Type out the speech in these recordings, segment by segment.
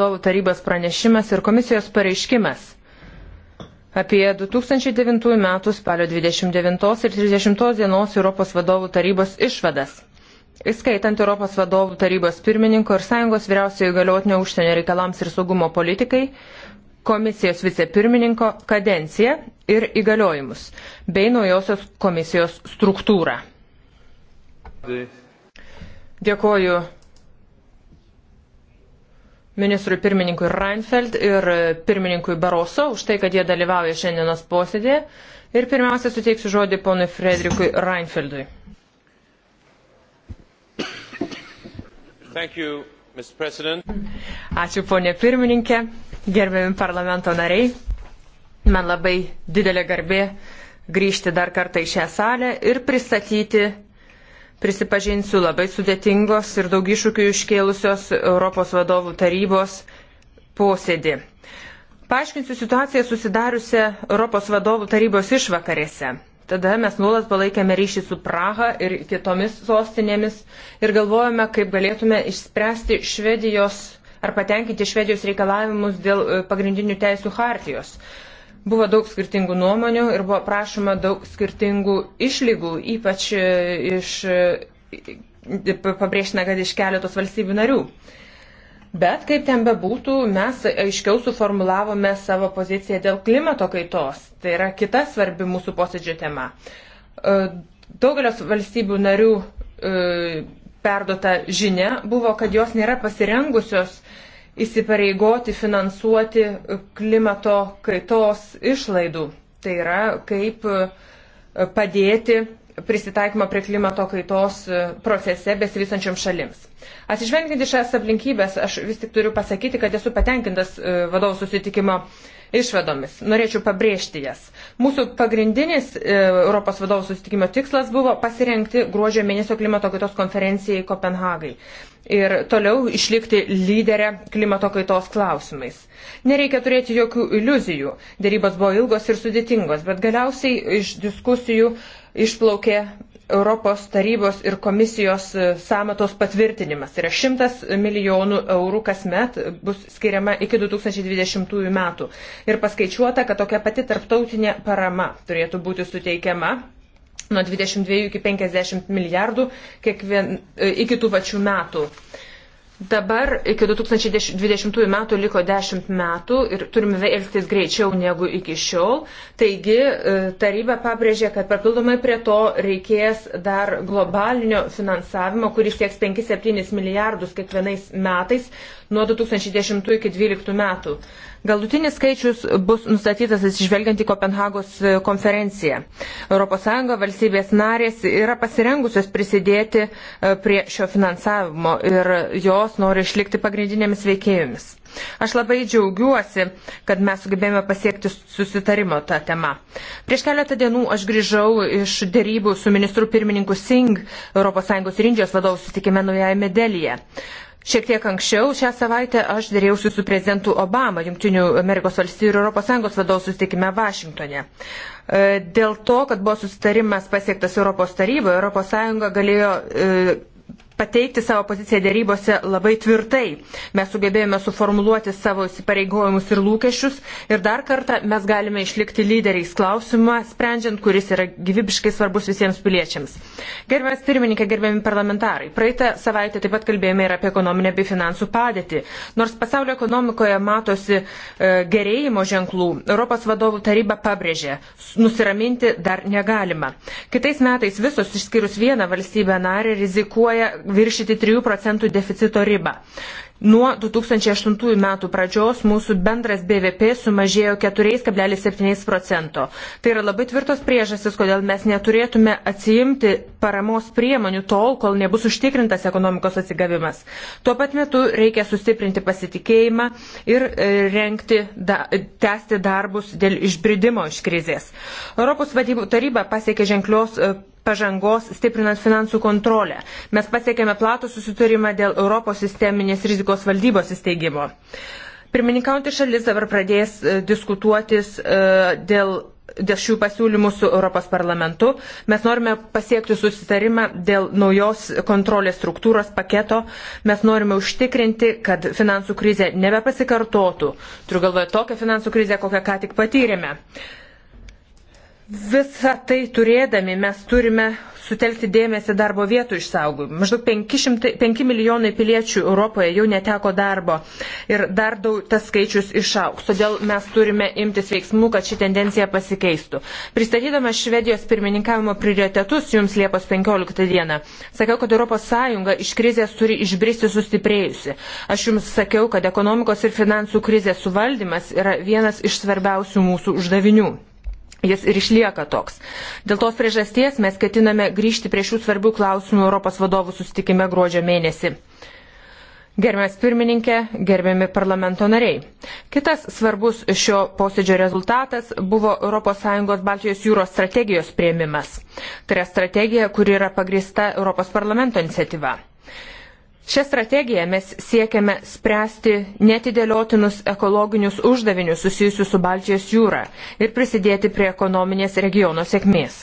vadovų tarybos pranešimas ir komisijos pareiškimas apie 2009 m. spalio 29 ir 30 dienos Europos vadovų tarybos išvadas, įskaitant Europos vadovų tarybos pirmininko ir Sąjungos vyriausiojo įgaliotinio užsienio reikalams ir saugumo politikai, komisijos vicepirmininko kadenciją ir įgaliojimus, bei naujosios komisijos struktūrą. Dėkoju ministrui pirmininkui Reinfeld ir pirmininkui Baroso už tai, kad jie dalyvauja šiandienos posėdėje. Ir pirmiausia, suteiksiu žodį ponui Frederikui Reinfeldui. Thank you, Ačiū ponė pirmininkė, gerbiami parlamento nariai. Man labai didelė garbė grįžti dar kartą į šią salę ir pristatyti prisipažinsiu, labai sudėtingos ir daug iššūkių iškėlusios Europos vadovų tarybos posėdį. Paaiškinsiu situaciją susidariusią Europos vadovų tarybos išvakarėse. Tada mes nuolat palaikėme ryšį su Praha ir kitomis sostinėmis ir galvojame, kaip galėtume išspręsti Švedijos ar patenkinti Švedijos reikalavimus dėl e, pagrindinių teisų hartijos. Buvo daug skirtingų nuomonių ir buvo prašoma daug skirtingų išlygų, ypač e, iš, e, pabrėžtina, kad iš keletos valstybių narių. Bet kaip ten bebūtų, mes aiškiau suformulavome savo poziciją dėl klimato kaitos. Tai yra kita svarbi mūsų posėdžio tema. E, Daugelis valstybių narių perduota žinia buvo, kad jos nėra pasirengusios įsipareigoti finansuoti klimato kaitos išlaidų. Tai yra, kaip e, padėti prisitaikymo prie klimato kaitos e, procese besivysančiom šalims. Atsižvelgiant į šias aplinkybės, aš vis tik turiu pasakyti, kad esu patenkintas e, vadovų susitikimo uh, išvadomis. Norėčiau pabrėžti jas. Mūsų pagrindinis e, Europos vadovų susitikimo tikslas buvo pasirengti gruodžio mėnesio klimato kaitos konferencijai Kopenhagai ir toliau išlikti lyderę klimato kaitos klausimais. Nereikia turėti jokių iliuzijų. Dėrybos buvo ilgos ir sudėtingos, bet galiausiai iš diskusijų išplaukė Europos tarybos ir komisijos e, samatos patvirtinimas. Tai yra 100 milijonų eurų kasmet bus skiriama iki 2020 metų. Ir paskaičiuota, kad tokia pati tarptautinė parama turėtų būti suteikiama nuo 22 iki 50 milijardų kiekvien, e, iki tų pačių metų. Uh, Dabar iki 2020 metų liko 10 metų ir turime elgtis greičiau negu iki šiol. Taigi e, taryba pabrėžė, kad papildomai prie to reikės dar globalinio finansavimo, kuris sieks 5-7 milijardus kiekvienais metais nuo 2010 iki 2012 metų. Galutinis skaičius bus nustatytas atsižvelgiant į Kopenhagos e, konferenciją. ES valstybės narės yra pasirengusios prisidėti e, prie šio finansavimo ir jos nori išlikti pagrindinėmis veikėjomis. Aš labai džiaugiuosi, kad mes sugebėjome pasiekti susitarimo tą temą. Prieš keletą dienų aš grįžau iš dėrybų su ministru pirmininku Singh ES ir Indijos vadovų susitikime Naujajame Delyje. Šiek tiek anksčiau šią savaitę aš dėrėjausi su prezidentu Obama, Junktinių Amerikos valstybių ir ES vadovų susitikime Vašingtonė. E, dėl to, kad buvo susitarimas pasiektas Europos taryboje, ES galėjo e, pateikti savo poziciją dėrybose labai tvirtai. Mes sugebėjome suformuluoti savo įsipareigojimus ir lūkesčius ir dar kartą mes galime išlikti lyderiais klausimą, sprendžiant, kuris yra gyvybiškai svarbus visiems piliečiams. Gerbiamas pirmininkė, gerbiami parlamentarai, praeitą savaitę taip pat kalbėjome ir apie ekonominę bei finansų padėtį. Nors pasaulio ekonomikoje matosi e, gerėjimo ženklų, Europos vadovų taryba pabrėžė, nusiraminti dar negalima. Kitais metais visos išskyrus vieną valstybę narę rizikuoja viršyti 3 procentų deficito ribą. Nuo 2008 metų pradžios mūsų bendras BVP sumažėjo 4,7 procento. Tai yra labai tvirtos priežastis, kodėl mes neturėtume atsijimti paramos priemonių tol, kol nebus užtikrintas ekonomikos atsigavimas. Tuo pat metu reikia sustiprinti pasitikėjimą ir e, renkti, da, tęsti darbus dėl išbridimo iš krizės. Europos vadybų taryba pasiekė ženklios e, pažangos stiprinant finansų kontrolę. Mes pasiekėme platų susitarimą dėl Europos sisteminės rizikos valdybos įsteigimo. Pirmininkaujantį šalis dabar pradės e, diskutuotis e, dėl dėl šių pasiūlymų su Europos parlamentu. Mes norime pasiekti susitarimą dėl naujos kontrolės struktūros paketo. Mes norime užtikrinti, kad finansų krizė nebepasikartotų. Turiu galvoje tokią finansų krizę, kokią ką tik patyrėme. Uh, Visą tai turėdami mes turime sutelkti dėmesį darbo vietų išsaugojimui. Maždaug 500, 5 milijonai piliečių Europoje jau neteko darbo ir dar daug tas skaičius išauks. Todėl mes turime imtis veiksmų, kad ši tendencija pasikeistų. Pristatydama Švedijos pirmininkavimo prioritetus jums Liepos 15 dieną, sakiau, kad ES iš krizės turi išbristi sustiprėjusi. Aš jums sakiau, kad ekonomikos ir finansų krizės suvaldymas yra vienas iš svarbiausių mūsų uždavinių. Jis ir išlieka toks. Dėl tos priežasties mes ketiname grįžti prie šių svarbių klausimų Europos vadovų susitikime gruodžio mėnesį. Gerbiamas pirmininkė, gerbiami parlamento nariai. Kitas svarbus šio posėdžio rezultatas buvo ES Baltijos jūros strategijos prieimimas. Tai yra strategija, kuri yra pagrista Europos parlamento iniciatyva. Šią strategiją mes siekiame spręsti netidėliotinus ekologinius uždavinius susijusius su Baltijos jūra ir prisidėti prie ekonominės regiono sėkmės.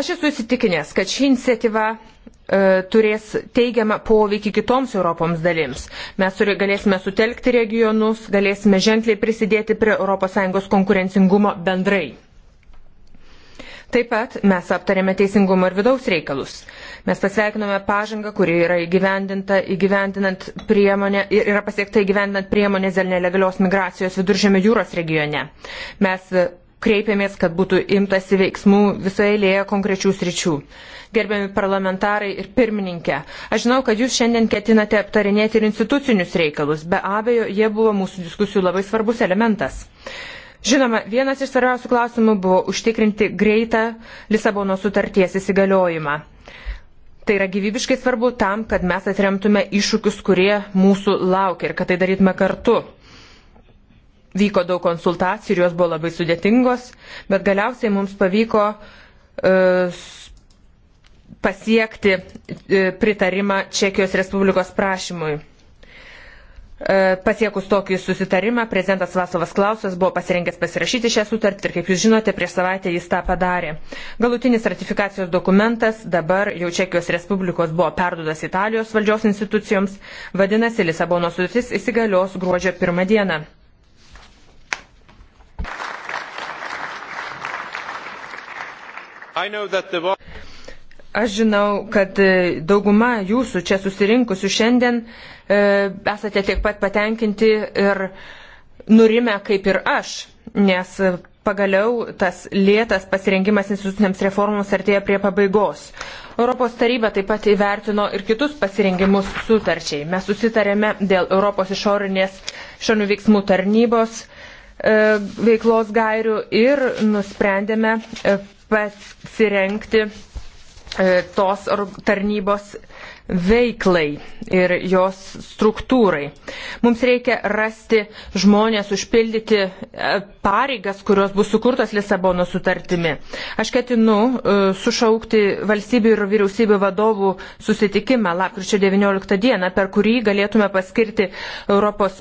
Aš esu įsitikinęs, kad ši iniciatyva e, turės teigiamą poveikį kitoms Europoms dalims. Mes turi, galėsime sutelkti regionus, galėsime ženkliai prisidėti prie ES konkurencingumo bendrai. Taip pat mes aptarėme teisingumo ir vidaus reikalus. Mes pasveikinome pažangą, kuri yra įgyvendinta įgyvendinant priemonę ir yra pasiekta įgyvendinant priemonės dėl nelegalios migracijos viduržėmio jūros regione. Mes e, kreipėmės, kad būtų imtasi veiksmų visoje eilėje konkrečių sričių. Gerbiami parlamentarai ir pirmininkė, aš žinau, kad jūs šiandien ketinate aptarinėti ir institucinius reikalus. Be abejo, jie buvo mūsų diskusijų labai svarbus elementas. Žinoma, vienas iš svarbiausių klausimų buvo užtikrinti greitą Lisabono sutarties įsigaliojimą. Tai yra gyvybiškai svarbu tam, kad mes atremtume iššūkius, kurie mūsų laukia ir kad tai darytume kartu. Vyko daug konsultacijų ir jos buvo labai sudėtingos, bet galiausiai mums pavyko uh, pasiekti e, pritarimą Čekijos Respublikos prašymui. E, pasiekus tokį susitarimą, prezidentas Vasovas Klausas buvo pasirengęs pasirašyti šią sutartį ir, kaip jūs žinote, prieš savaitę jis tą padarė. Galutinis ratifikacijos dokumentas dabar jau Čekijos Respublikos buvo perduotas Italijos valdžios institucijoms, vadinasi, Lisabono sutartis įsigalios gruodžio pirmą dieną. The... Aš žinau, kad e, dauguma jūsų čia susirinkusių šiandien e, esate tiek pat patenkinti ir nurimę kaip ir aš, nes pagaliau tas lėtas pasirengimas instituciniams reformoms artėja prie pabaigos. Europos taryba taip pat įvertino ir kitus pasirengimus sutarčiai. Mes susitarėme dėl Europos išorinės šonių veiksmų tarnybos e, veiklos gairių ir nusprendėme pasirengti E, tos tarnybos veiklai ir jos struktūrai. Mums reikia rasti žmonės, užpildyti e, pareigas, kurios bus sukurtos Lisabono sutartimi. Aš ketinu e, sušaukti valstybių ir vyriausybių vadovų susitikimą lapkričio 19 dieną, per kurį galėtume paskirti Europos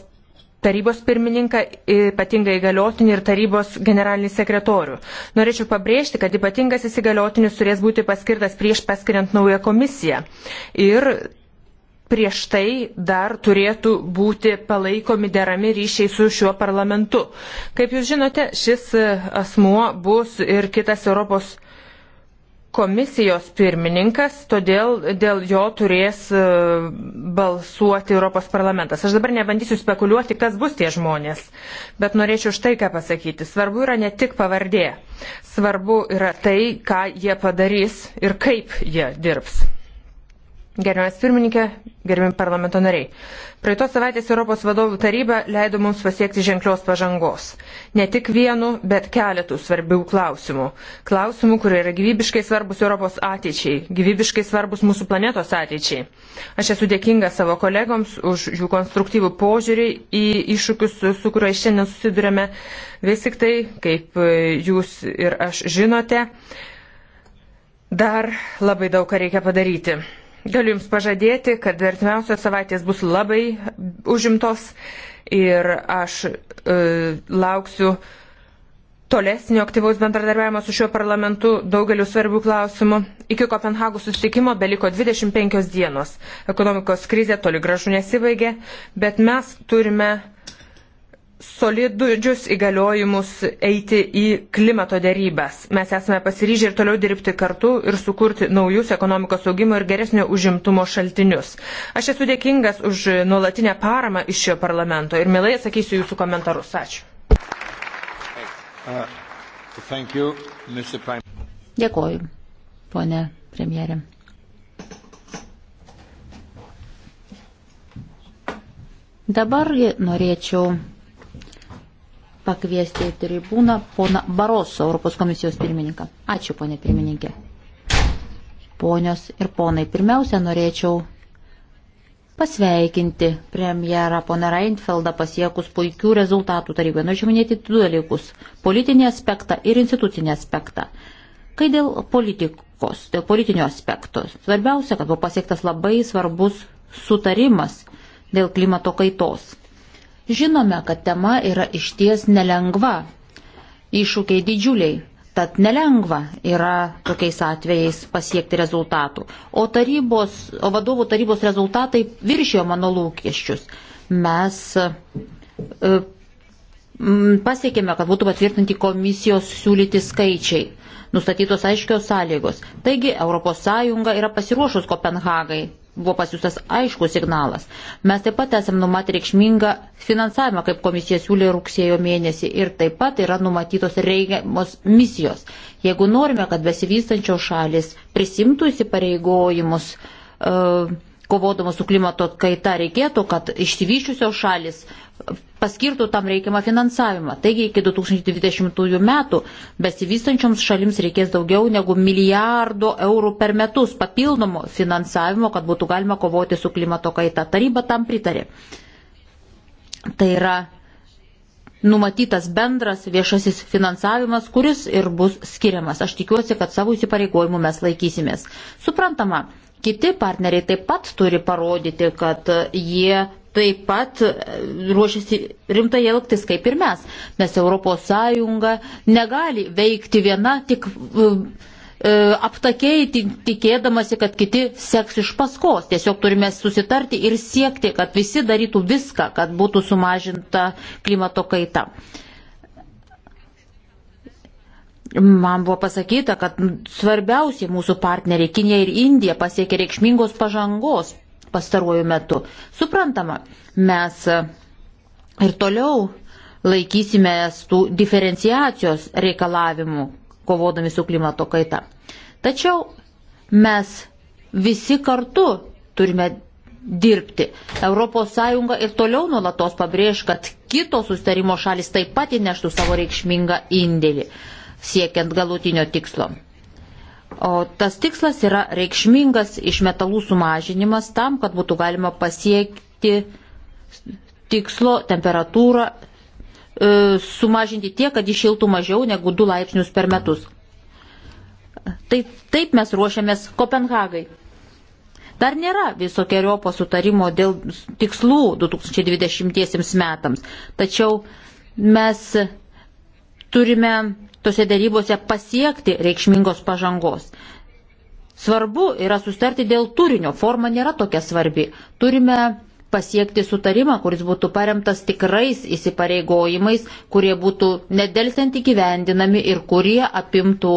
tarybos pirmininką, ypatingai įgaliotinį ir tarybos generalinį sekretorių. Norėčiau pabrėžti, kad ypatingas įsigaliotinis turės būti paskirtas prieš paskiriant naują komisiją. Ir prieš tai dar turėtų būti palaikomi derami ryšiai su šiuo parlamentu. Kaip jūs žinote, šis e, asmuo bus ir kitas Europos komisijos pirmininkas, todėl dėl jo turės e, balsuoti Europos parlamentas. Aš dabar nebandysiu spekuliuoti, kas bus tie žmonės, bet norėčiau štai ką pasakyti. Svarbu yra ne tik pavardė, svarbu yra tai, ką jie padarys ir kaip jie dirbs. Gerbiamas pirmininkė, gerbiami parlamento nariai. Praeitos savaitės Europos vadovų taryba leido mums pasiekti ženklios pažangos. Ne tik vienu, bet keletų svarbių klausimų. Klausimų, kurie yra gyvybiškai svarbus Europos ateičiai, gyvybiškai svarbus mūsų planetos ateičiai. Aš esu dėkinga savo kolegoms už jų konstruktyvų požiūrį į iššūkius, su, su kuriuo šiandien susidurėme. Vis tik tai, kaip jūs ir aš žinote, dar labai daug ką reikia padaryti. Galiu Jums pažadėti, kad artimiausios savaitės bus labai užimtos ir aš e, lauksiu tolesnio aktyvaus bendradarbiavimo su šiuo parlamentu daugeliu svarbių klausimų. Iki Kopenhagų susitikimo beliko 25 dienos. Ekonomikos krizė toli gražu nesibaigė, bet mes turime solidžius įgaliojimus eiti į klimato dėrybas. Mes esame pasiryžę ir toliau dirbti kartu ir sukurti naujus ekonomikos augimo ir geresnio užimtumo šaltinius. Aš esu dėkingas už nuolatinę paramą iš šio parlamento ir mielai atsakysiu jūsų komentarus. Ačiū. Uh, you, Dėkoju, ponė premjerė. Dabar norėčiau pakviesti į tribūną pona Baroso, Europos komisijos pirmininką. Ačiū, ponė pirmininkė. Ponios ir ponai, pirmiausia, norėčiau pasveikinti premjerą poną Reinfeldą pasiekus puikių rezultatų taryboje. Noriu minėti du dalykus - politinį aspektą ir institucinį aspektą. Kai dėl politikos, dėl politinio aspekto, svarbiausia, kad buvo pasiektas labai svarbus sutarimas dėl klimato kaitos Žinome, kad tema yra išties nelengva, iššūkiai didžiuliai, tad nelengva yra tokiais atvejais pasiekti rezultatų. O, tarybos, o vadovų tarybos rezultatai viršijo mano lūkesčius. Mes e, pasiekėme, kad būtų patvirtinti komisijos siūlyti skaičiai, nustatytos aiškios sąlygos. Taigi ES yra pasiruošus Kopenhagai buvo pasiūstas aiškus signalas. Mes taip pat esame numatę reikšmingą finansavimą, kaip komisija siūlė rugsėjo mėnesį, ir taip pat yra numatytos reikiamos misijos. Jeigu norime, kad besivystančios šalis prisimtų įsipareigojimus, uh, kovodama su klimato kaita reikėtų, kad išsivyščiusios šalis paskirtų tam reikiamą finansavimą. Taigi iki 2020 metų besivystančioms šalims reikės daugiau negu milijardo eurų per metus papildomo finansavimo, kad būtų galima kovoti su klimato kaita. Taryba tam pritarė. Tai yra numatytas bendras viešasis finansavimas, kuris ir bus skiriamas. Aš tikiuosi, kad savo įsipareigojimų mes laikysimės. Suprantama, Kiti partneriai taip pat turi parodyti, kad jie taip pat e, ruošiasi rimtai elgtis kaip ir mes, nes ES negali veikti viena tik e, e, aptakiai tikėdamasi, kad kiti seks iš paskos. Tiesiog turime susitarti ir siekti, kad visi darytų viską, kad būtų sumažinta klimato kaita. Uh, Man buvo pasakyta, kad svarbiausiai mūsų partneriai Kinė ir Indija pasiekė reikšmingos pažangos pastaruoju metu. Suprantama, mes ir toliau laikysime tų diferenciacijos reikalavimų, kovodami su klimato kaita. Tačiau mes visi kartu turime dirbti. ES ir toliau nuolatos pabrėž, kad kitos sustarimo šalis taip pat įneštų savo reikšmingą indėlį siekiant galutinio tikslo. O tas tikslas yra reikšmingas iš metalų sumažinimas tam, kad būtų galima pasiekti tikslo temperatūrą e, sumažinti tiek, kad išiltų mažiau negu 2 laipsnius per metus. Taip, taip mes ruošiamės Kopenhagai. Dar nėra visokiojo sutarimo dėl tikslų 2020 metams, tačiau mes turime tose dėrybose pasiekti reikšmingos pažangos. Svarbu yra sustarti dėl turinio, forma nėra tokia svarbi. Turime pasiekti sutarimą, kuris būtų paremtas tikrais įsipareigojimais, kurie būtų nedelsiant įgyvendinami ir kurie apimtų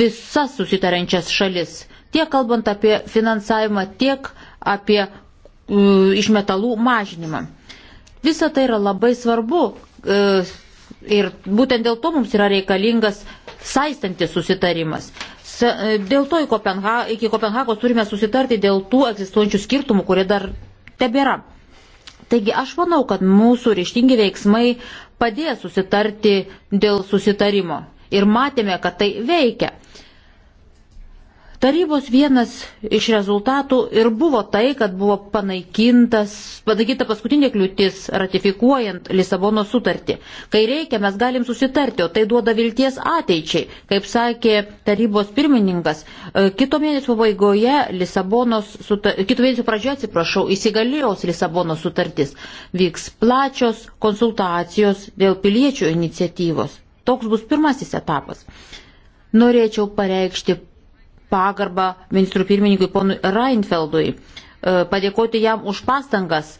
visas susitarančias šalis. Tiek kalbant apie finansavimą, tiek apie uh, išmetalų mažinimą. Visa tai yra labai svarbu, uh, Ir būtent dėl to mums yra reikalingas saistantis susitarimas. E, dėl to Kopenha, iki Kopenhagos turime susitarti dėl tų egzistuojančių skirtumų, kurie dar tebėra. Taigi aš manau, kad mūsų ryštingi veiksmai padėjo susitarti dėl susitarimo. Ir matėme, kad tai veikia. Tarybos vienas iš rezultatų ir buvo tai, kad buvo panaikinta paskutinė kliūtis ratifikuojant Lisabono sutartį. Kai reikia, mes galim susitarti, o tai duoda vilties ateičiai. Kaip sakė tarybos pirmininkas, e, kito mėnesio pabaigoje Lisabonos sutartis, kito mėnesio pradžioje atsiprašau, įsigalios Lisabono sutartis. Vyks plačios konsultacijos dėl piliečių iniciatyvos. Toks bus pirmasis etapas. Norėčiau pareikšti pagarbą ministrų pirmininkui ponui Reinfeldui, e, padėkoti jam už pastangas,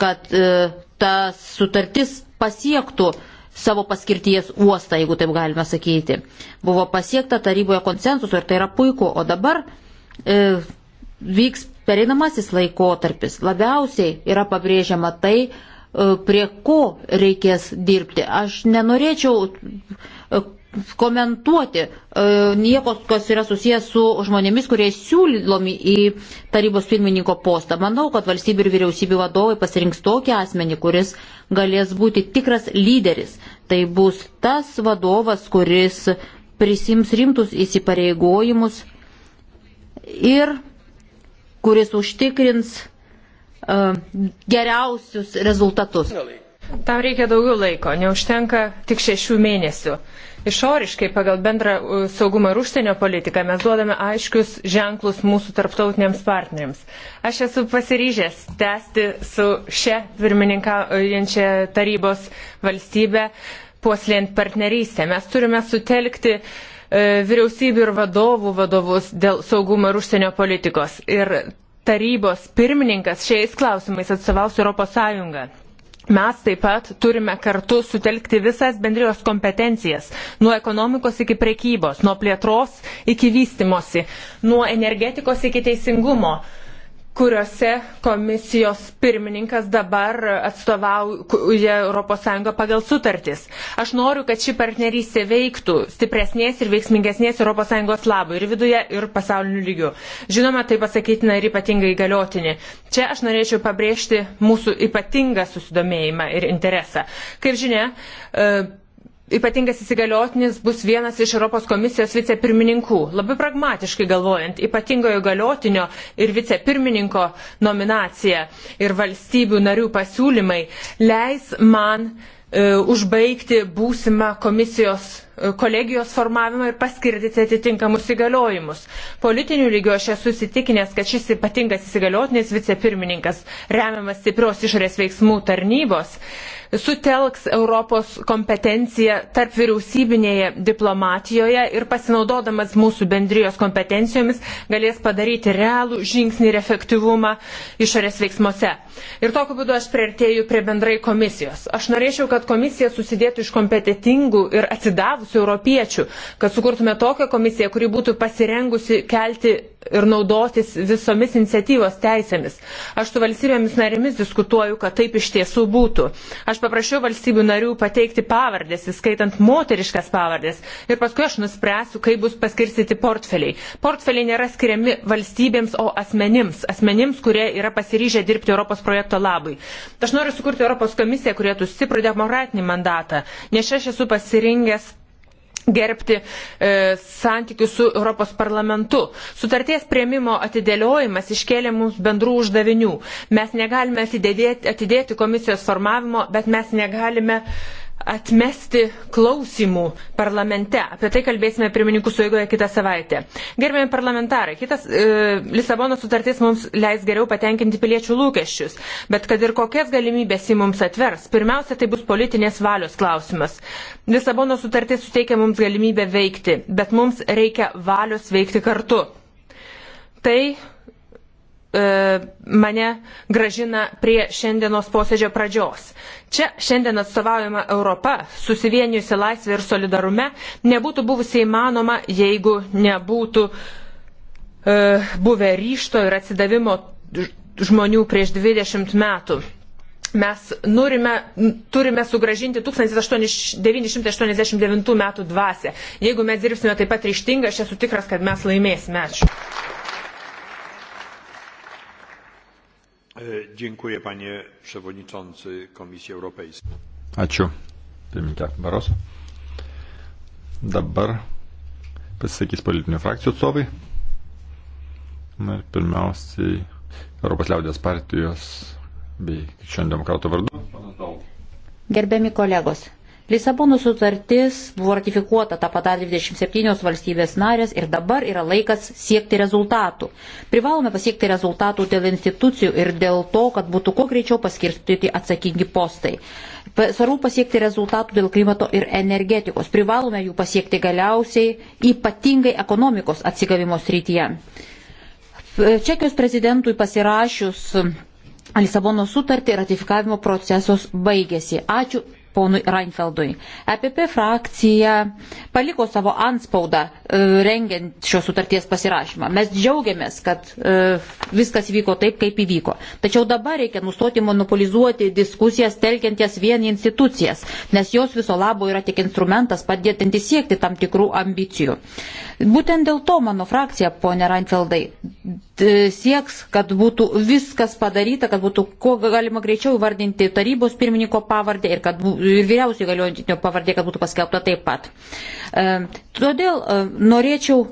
kad e, ta sutartis pasiektų savo paskirties uostą, jeigu taip galime sakyti. Buvo pasiekta taryboje konsensuso ir tai yra puiku, o dabar e, vyks pereinamasis laikotarpis. Labiausiai yra pabrėžiama tai, e, prie ko reikės dirbti. Aš nenorėčiau e, komentuoti e, nieko, kas yra susijęs su žmonėmis, kurie siūlomi į tarybos pirmininko postą. Manau, kad valstybių ir vyriausybių vadovai pasirinks tokį asmenį, kuris galės būti tikras lyderis. Tai bus tas vadovas, kuris prisims rimtus įsipareigojimus ir kuris užtikrins uh, geriausius rezultatus. Tam reikia daugiau laiko, neužtenka tik šešių mėnesių. Uh, Išoriškai pagal bendrą saugumo ir užsienio politiką mes duodame aiškius ženklus mūsų tarptautiniams partneriams. Aš esu pasiryžęs tęsti su šia pirmininkaujančia tarybos valstybė puoslėjant partnerystę. Mes turime sutelkti e, vyriausybių ir vadovų vadovus dėl saugumo ir užsienio politikos. Ir tarybos pirmininkas šiais klausimais atstovaus Europos Sąjungą. Mes taip pat turime kartu sutelkti visas bendrijos kompetencijas - nuo ekonomikos iki prekybos, nuo plėtros iki vystimosi, nuo energetikos iki teisingumo, kuriuose komisijos pirmininkas dabar atstovauja ES pagal sutartis. Aš noriu, kad ši partnerystė veiktų stipresnės ir veiksmingesnės ES labui ir viduje, ir pasauliniu lygiu. Žinoma, tai pasakytina ir ypatingai galiotinį. Čia aš norėčiau pabrėžti mūsų ypatingą susidomėjimą ir interesą. Kaip žinia, e, ypatingas įsigaliotinis bus vienas iš Europos komisijos vicepirmininkų. Labai pragmatiškai galvojant, ypatingojo galiotinio ir vicepirmininko nominacija ir valstybių narių pasiūlymai leis man e, užbaigti būsimą komisijos kolegijos formavimą ir paskirdyti atitinkamus įgaliojimus. Politinių lygių aš esu įsitikinęs, kad šis ypatingas įsigaliotinis vicepirmininkas, remiamas stiprios išorės veiksmų tarnybos, sutelks Europos kompetenciją tarp vyriausybinėje diplomatijoje ir pasinaudodamas mūsų bendrijos kompetencijomis galės padaryti realų žingsnį ir efektyvumą išorės veiksmuose. Ir tokiu būdu aš prieartėju prie bendrai komisijos. Aš norėčiau, kad komisija susidėtų iš kompetitingų ir atsidavus geriausių europiečių, kad sukurtume tokią komisiją, kuri būtų pasirengusi kelti ir naudotis visomis iniciatyvos teisėmis. Aš su valstybėmis narėmis diskutuoju, kad taip iš tiesų būtų. Aš paprašiau valstybių narių pateikti pavardės, įskaitant moteriškas pavardės, ir paskui aš nuspręsiu, kaip bus paskirstyti portfeliai. Portfeliai nėra skiriami valstybėms, o asmenims, asmenims, kurie yra pasiryžę dirbti Europos projekto labui. Aš noriu sukurti Europos komisiją, kurėtų stiprų demokratinį mandatą, nes aš esu pasirinkęs gerbti e, santykių su Europos parlamentu. Sutarties prieimimo atidėliojimas iškėlė mums bendrų uždavinių. Mes negalime atidėti, atidėti komisijos formavimo, bet mes negalime e, atmesti klausimų parlamente. Apie tai kalbėsime pirmininkų suėgoje kitą savaitę. Gerbėjami parlamentarai, kitas e, Lisabono sutartis mums leis geriau patenkinti piliečių lūkesčius, bet kad ir kokias galimybės jį mums atvers, pirmiausia, tai bus politinės valios klausimas. Lisabono sutartis suteikia mums galimybę veikti, bet mums reikia valios veikti kartu. Tai E, mane gražina prie šiandienos posėdžio pradžios. Čia šiandien atstovaujama Europa, susivienijusi laisvė ir solidarume, nebūtų buvusi įmanoma, jeigu nebūtų uh, buvę ryšto ir atsidavimo žmonių prieš 20 metų. Mes norime, turime sugražinti 1989 metų dvasę. Jeigu mes dirbsime taip pat ryštingai, aš esu tikras, kad mes laimėsime. Ačiū. E, dziękuję, panie przewodniczący Komisji Europejskiej. Ačiū, pirmininkė Baroso. Dabar pasisakys politinių frakcijų atstovai. Na ir pirmiausiai Europos liaudės partijos bei krikščionių demokratų vardu. Gerbiami kolegos, Lisabono sutartis buvo ratifikuota, tą padarė 27 valstybės narės ir dabar yra laikas siekti rezultatų. Privalome pasiekti rezultatų dėl institucijų ir dėl to, kad būtų kuo greičiau paskirstyti atsakingi postai. Svarbu pasiekti rezultatų dėl klimato ir energetikos. Privalome jų pasiekti galiausiai, ypatingai ekonomikos atsigavimo srityje. Čekijos prezidentui pasirašius Lisabono sutartį ratifikavimo procesas baigėsi. Ačiū ponui Reinfeldui. EPP frakcija paliko savo anspaudą e, rengiant šios sutarties pasirašymą. Mes džiaugiamės, kad e, viskas vyko taip, kaip įvyko. Tačiau dabar reikia nustoti monopolizuoti diskusijas, telkiant jas vien institucijas, nes jos viso labo yra tik instrumentas padėtinti siekti tam tikrų ambicijų. Būtent dėl to mano frakcija, ponė Reinfeldai, E, sieks, kad būtų viskas padaryta, kad būtų kuo galima greičiau įvardinti tarybos pirmininko pavardę ir, kad, ir vyriausiai galiojantinio pavardė, kad būtų paskelbta taip pat. E, todėl e, norėčiau,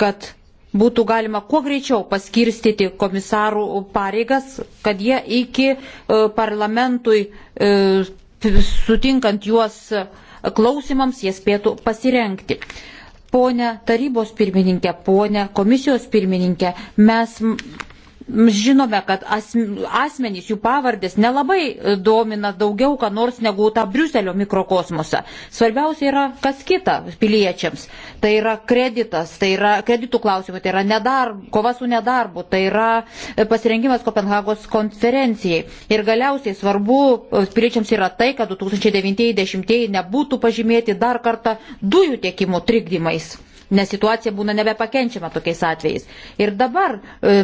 kad būtų galima kuo greičiau paskirstyti komisarų pareigas, kad jie iki e, parlamentui e, sutinkant juos e, klausimams, jie spėtų pasirenkti. E, Pone tarybos pirmininkė, pone komisijos pirmininkė, mes Žinome, kad asmenys, jų pavardės nelabai e, domina daugiau, ką nors negu tą Briuselio mikrokosmosą. Svarbiausia yra kas kita piliečiams. Tai yra kreditas, tai yra kreditų klausimai, tai yra nedarb, kova su nedarbu, tai yra e, pasirengimas Kopenhagos konferencijai. Ir galiausiai svarbu e, piliečiams yra tai, kad 2090 nebūtų pažymėti dar kartą dujų tiekimo trikdymais, nes situacija būna nebepakenčiama tokiais atvejais. Ir dabar. E,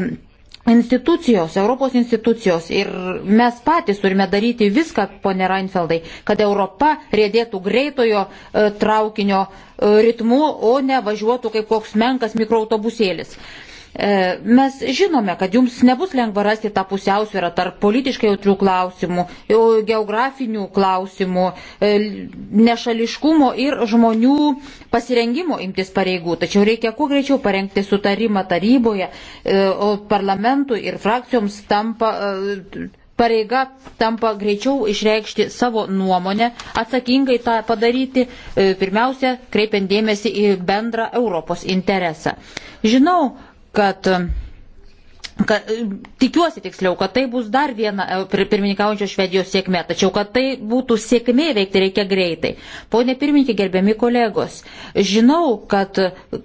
institucijos, Europos institucijos ir mes patys turime daryti viską, ponė Reinfeldai, kad Europa rėdėtų greitojo e, traukinio e, ritmu, o ne važiuotų kaip koks menkas mikroautobusėlis. E, E, mes žinome, kad jums nebus lengva rasti tą pusiausvyrą tarp politiškai jautrių klausimų, e, geografinių klausimų, e, nešališkumo ir žmonių pasirengimo imtis pareigų. Tačiau reikia kuo greičiau parengti sutarimą taryboje, o parlamentui ir frakcijoms tampa pareiga tampa greičiau išreikšti savo nuomonę, atsakingai tą padaryti, pirmiausia, kreipiant dėmesį į bendrą Europos interesą. Žinau, kad Kad, tikiuosi tiksliau, kad tai bus dar viena e, pirmininkaujančios Švedijos sėkmė, tačiau kad tai būtų sėkmė veikti reikia greitai. Pone pirmininkė, gerbiami kolegos, žinau, kad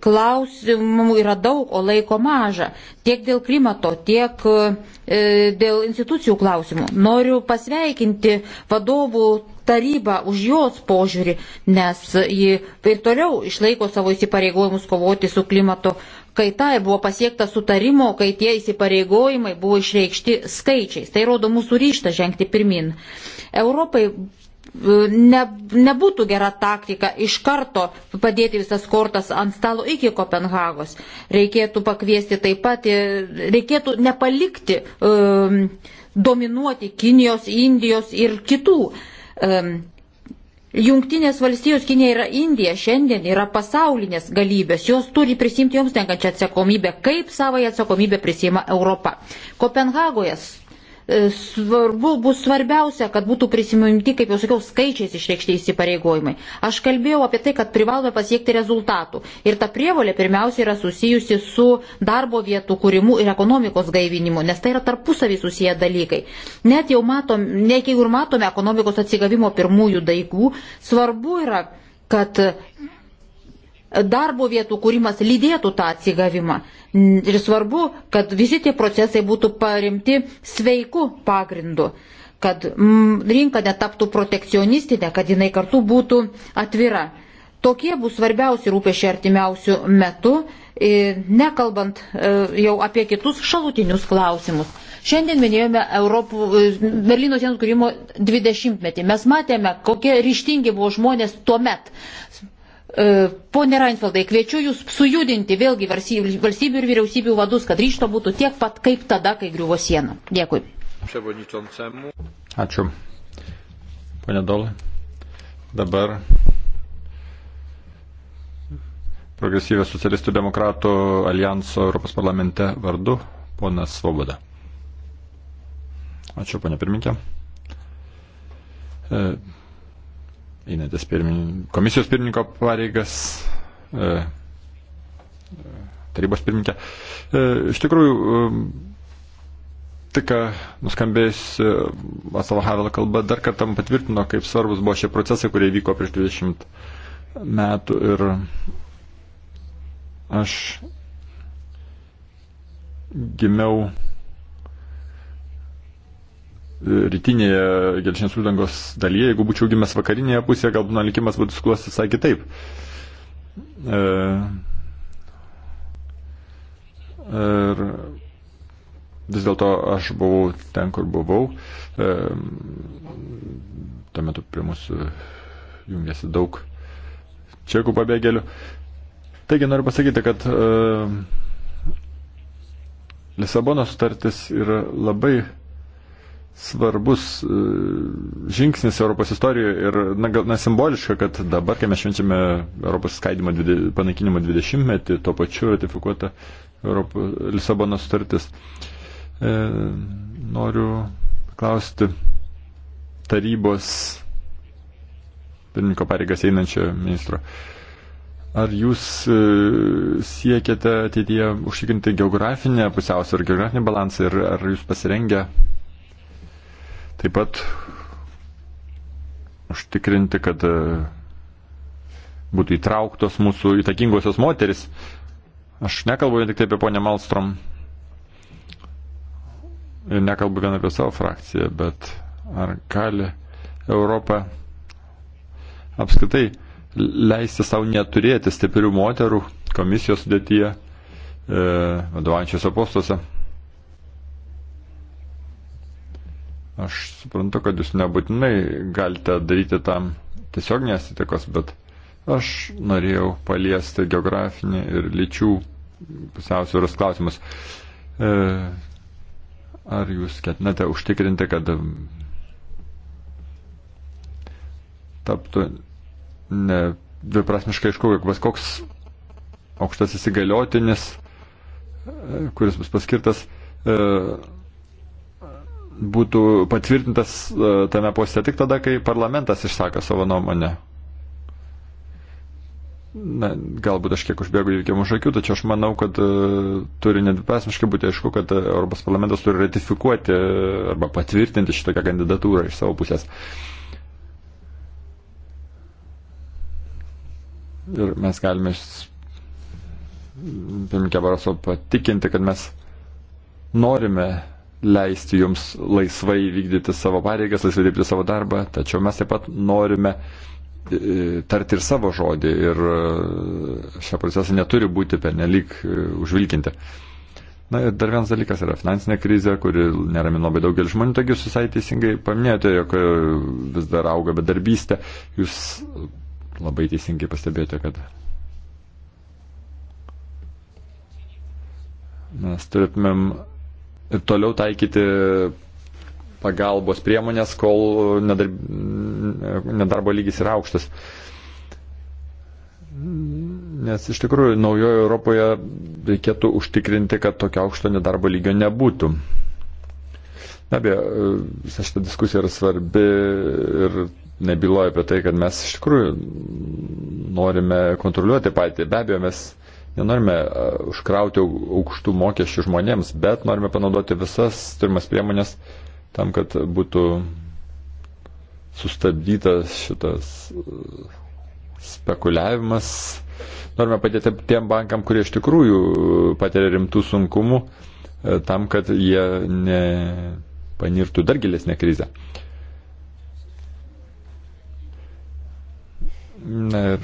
klausimų yra daug, o laiko maža, tiek dėl klimato, tiek e, dėl institucijų klausimų. Noriu pasveikinti vadovų tarybą už jos požiūrį, nes ji ir toliau išlaiko savo įsipareigojimus kovoti su klimato kai tai buvo pasiekta sutarimo, kai tie įsipareigojimai buvo išreikšti skaičiais. Tai rodo mūsų ryštą žengti pirmin. Europai e, ne, nebūtų gera taktika iš karto padėti visas kortas ant stalo iki Kopenhagos. Reikėtų pakviesti taip pat, reikėtų nepalikti um, dominuoti Kinijos, Indijos ir kitų. Um, Jungtinės valstijos, Kinė ir Indija šiandien yra pasaulinės galybės, jos turi prisimti joms tenkančią atsakomybę, kaip savoje atsakomybę prisima Europa. Kopenhagoje E, svarbu bus svarbiausia, kad būtų prisimimti, kaip jau sakiau, skaičiais išreikšti įsipareigojimai. Aš kalbėjau apie tai, kad privalome pasiekti rezultatų. Ir ta prievolė pirmiausia yra susijusi su darbo vietų kūrimu ir ekonomikos gaivinimu, nes tai yra tarpusavį susiję dalykai. Net jau matom, net jeigu ir matome ekonomikos atsigavimo pirmųjų daigų, svarbu yra, kad darbo vietų kūrimas lydėtų tą atsigavimą. Ir svarbu, kad visi tie procesai būtų paremti sveiku pagrindu, kad mm, rinka netaptų protekcionistinė, kad jinai kartu būtų atvira. Tokie bus svarbiausi rūpešiai artimiausių metų, nekalbant e, jau apie kitus šalutinius klausimus. Šiandien minėjome Europų, e, Berlyno sienos kūrimo 20-metį. Mes matėme, kokie ryštingi buvo žmonės tuo met E, pone Reinfeldai, kviečiu Jūs sujudinti vėlgi valstybių ir vyriausybių vadus, kad ryšto būtų tiek pat kaip tada, kai griuvo siena. Dėkui. Ačiū. Pane Dolai. Dabar progresyvės socialistų demokratų alijanso Europos parlamente vardu ponas Svoboda. Ačiū, ponė pirminkė. E, einantis pirmin... komisijos pirmininko pareigas, e, e, tarybos pirmininkė. E, iš tikrųjų, e, tik nuskambėjus e, Vasalo Havelo kalba dar kartą patvirtino, kaip svarbus buvo šie procesai, kurie vyko prieš 20 metų ir aš gimiau rytinėje gelžinės uždangos dalyje, jeigu būčiau gimęs vakarinėje pusėje, galbūt mano likimas būtų sklostas visai kitaip. E, ir vis dėlto aš buvau ten, kur buvau. E, tuo metu prie mūsų jungėsi daug čekų pabėgėlių. Taigi noriu pasakyti, kad e, Lisabono sutartis yra labai svarbus e, žingsnis Europos istorijoje ir na, gal, na, simboliška, kad dabar, kai mes švenčiame Europos skaidimo dvide, panaikinimo 20-metį, tuo pačiu ratifikuota Europo, Lisabono sutartis. E, noriu klausti tarybos pirmininko pareigas einančio ministro. Ar jūs e, siekiate ateityje užtikrinti geografinę pusiausvyrą, geografinį balansą ir ar jūs pasirengę Taip pat užtikrinti, kad e, būtų įtrauktos mūsų įtakingosios moteris. Aš nekalbu vien tik apie ponę Malstrom. Ir nekalbu vien apie savo frakciją, bet ar gali Europą apskritai leisti savo neturėti stiprių moterų komisijos sudėtyje, e, vadovančiose postuose. Aš suprantu, kad jūs nebūtinai galite daryti tam tiesioginės įtakos, bet aš norėjau paliesti geografinį ir lyčių pusiausvėros klausimus. E, ar jūs ketinate užtikrinti, kad taptų ne dviprasmiškai aišku, kad koks aukštas įsigaliotinis, e, kuris bus paskirtas, e, būtų patvirtintas e, tame poste tik tada, kai parlamentas išsako savo nuomonę. Na, galbūt aš kiek užbėgu įvykiam už akių, tačiau aš manau, kad uh, turi nedviprasmiškai būti aišku, kad e, Europos parlamentas turi ratifikuoti arba patvirtinti šitokią kandidatūrą iš savo pusės. Ir mes galime, pirmininkė Baraso, patikinti, kad mes norime leisti jums laisvai vykdyti savo pareigas, laisvai dirbti savo darbą, tačiau mes taip pat norime e, tarti ir savo žodį ir e, šią procesą neturi būti pernelyg e, užvilkinti. Na ir dar vienas dalykas yra finansinė krizė, kuri neramina labai daugelį žmonių, taigi jūs visai teisingai paminėjote, jog vis dar auga bedarbystė, jūs labai teisingai pastebėjote, kad mes turėtumėm toliau taikyti pagalbos priemonės, kol nedarb... nedarbo lygis yra aukštas. Nes iš tikrųjų naujojo Europoje reikėtų užtikrinti, kad tokio aukšto nedarbo lygio nebūtų. Be abejo, visa šita diskusija yra svarbi ir nebyloja apie tai, kad mes iš tikrųjų norime kontroliuoti patį. Be abejo, mes Nenorime užkrauti aukštų mokesčių žmonėms, bet norime panaudoti visas turimas priemonės tam, kad būtų sustabdytas šitas spekuliavimas. Norime padėti tiem bankam, kurie iš tikrųjų patiria rimtų sunkumų, tam, kad jie nepanirtų dar gilesnę krizę. Na ir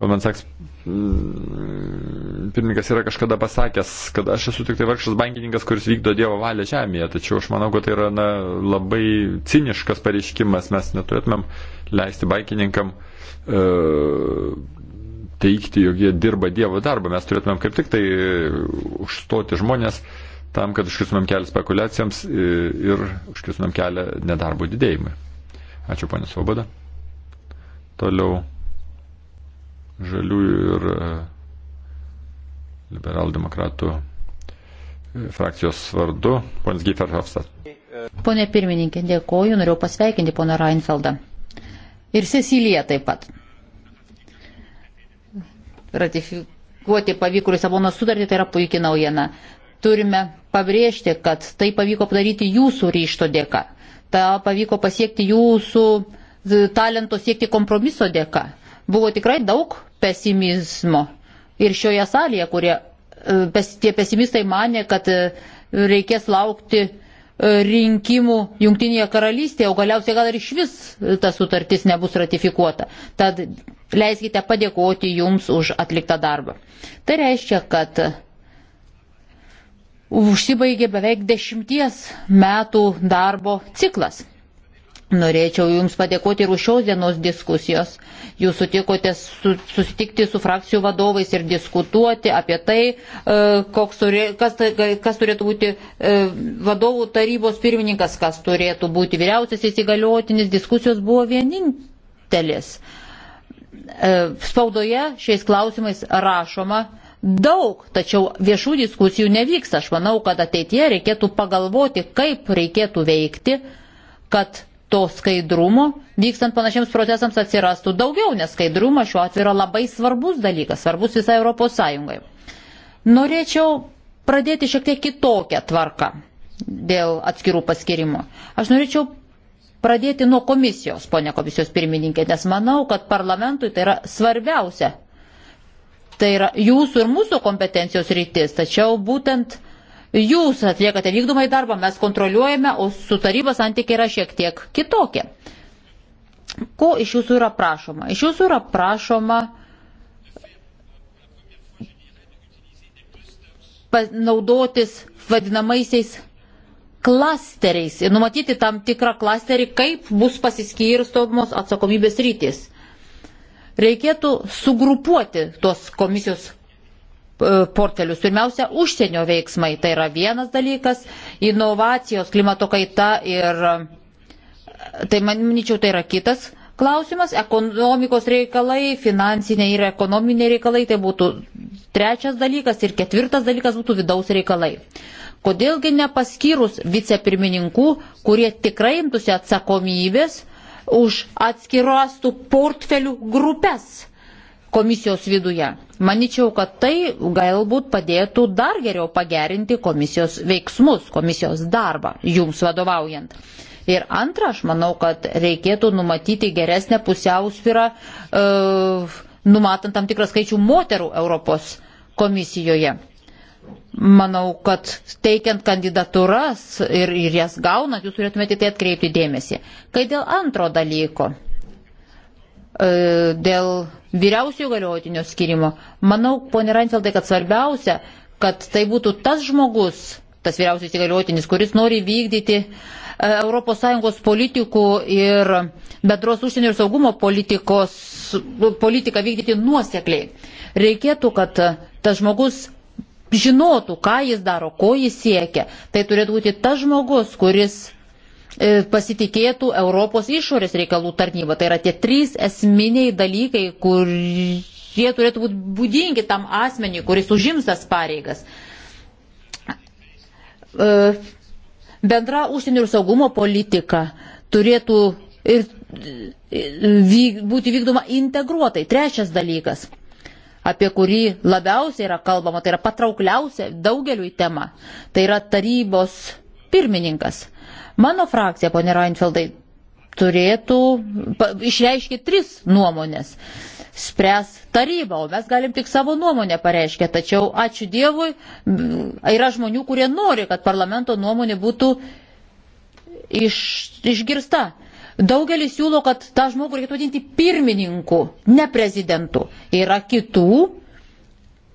O man saks, mm, pirmininkas yra kažkada pasakęs, kad aš esu tik tai vargšas bankininkas, kuris vykdo Dievo valią žemėje, tačiau aš manau, kad tai yra na, labai ciniškas pareiškimas, mes neturėtumėm leisti bankininkam e, teikti, jog jie dirba Dievo darbą, mes turėtumėm kaip tik tai užstoti žmonės tam, kad užkirstumėm kelią spekulacijoms e, ir užkirstumėm kelią nedarbo didėjimui. Ačiū, ponė Svoboda. Toliau žaliųjų ir e, liberaldemokratų e, frakcijos vardu, ponas Giferhofstas. Pone pirmininkė, dėkoju, norėjau pasveikinti poną Reinfeldą. Ir Ceciliją taip pat. Ratifikuoti pavyko Lisabono sutartį, tai yra puikia naujiena. Turime pabrėžti, kad tai pavyko padaryti jūsų ryšto dėka. Ta pavyko pasiekti jūsų talento siekti kompromiso dėka. Buvo tikrai daug pesimizmo. Ir šioje salėje, kurie e, pes, tie pesimistai mane, kad e, reikės laukti e, rinkimų Junktinėje karalystėje, o galiausiai gal ir iš vis ta sutartis nebus ratifikuota. Tad leiskite padėkoti Jums už atliktą darbą. Tai reiškia, kad užsibaigė beveik dešimties metų darbo ciklas. Norėčiau Jums padėkoti ir už šios dienos diskusijos. Jūs sutikote su, susitikti su frakcijų vadovais ir diskutuoti apie tai, e, turė, kas, tai, kas turėtų būti e, vadovų tarybos pirmininkas, kas turėtų būti vyriausias įsigaliotinis. Diskusijos buvo vienintelis. E, spaudoje šiais klausimais rašoma, daug, tačiau viešų diskusijų nevyks. Aš manau, kad ateitie reikėtų pagalvoti, kaip reikėtų veikti, kad to skaidrumo vykstant panašiems procesams atsirastų daugiau, nes skaidrumas šiuo atveju yra labai svarbus dalykas, svarbus visai Europos Sąjungai. Norėčiau pradėti šiek tiek kitokią tvarką dėl atskirų paskirimų. Aš norėčiau pradėti nuo komisijos, ponė komisijos pirmininkė, nes manau, kad parlamentui tai yra svarbiausia. Tai yra jūsų ir mūsų kompetencijos rytis, tačiau būtent Jūs atliekate vykdomai darbą, mes kontroliuojame, o su taryba santykiai yra šiek tiek kitokie. Ko iš jūsų yra prašoma? Iš jūsų yra prašoma naudotis vadinamaisiais klasteriais ir numatyti tam tikrą klasterį, kaip bus pasiskirstomos atsakomybės rytis. Reikėtų sugrupuoti tuos komisijos E, portelius. Pirmiausia, užsienio veiksmai tai yra vienas dalykas, inovacijos, klimato kaita ir e, tai manyčiau tai yra kitas klausimas, ekonomikos reikalai, finansiniai ir ekonominiai reikalai tai būtų trečias dalykas ir ketvirtas dalykas būtų vidaus reikalai. Kodėlgi nepaskyrus vicepirmininkų, kurie tikrai imtųsi atsakomybės už atskirostų portfelių grupės komisijos viduje. Maničiau, kad tai galbūt padėtų dar geriau pagerinti komisijos veiksmus, komisijos darbą jums vadovaujant. Ir antra, aš manau, kad reikėtų numatyti geresnę pusiausvyrą, e, numatant tam tikrą skaičių moterų Europos komisijoje. Manau, kad teikiant kandidatūras ir, ir jas gaunant, jūs turėtumėte tai atkreipti dėmesį. Kai dėl antro dalyko E, dėl vyriausiųjų galiotinio skirimo. Manau, ponė Ranfeldai, kad svarbiausia, kad tai būtų tas žmogus, tas vyriausias įgaliotinis, kuris nori vykdyti ES politikų ir bendros užsienio ir saugumo politikos, politiką vykdyti nuosekliai. Reikėtų, kad tas žmogus žinotų, ką jis daro, ko jis siekia. Tai turėtų būti tas žmogus, kuris E, pasitikėtų Europos išorės reikalų tarnyba. Tai yra tie trys esminiai dalykai, kurie turėtų būti būdingi tam asmeniui, kuris užims tas pareigas. E, bendra užsienio ir saugumo politika turėtų ir e, vyk, būti vykdoma integruotai. Trečias dalykas, apie kurį labiausiai yra kalbama, tai yra patraukliausia daugeliui tema, tai yra tarybos pirmininkas. Mano frakcija, ponė Reinfeldai, turėtų, pa, išreiškia tris nuomonės. Spręs taryba, o mes galim tik savo nuomonę pareiškę, tačiau ačiū Dievui, yra žmonių, kurie nori, kad parlamento nuomonė būtų iš, išgirsta. Daugelis siūlo, kad tą žmogų reikėtų vadinti pirmininku, ne prezidentu. Yra kitų,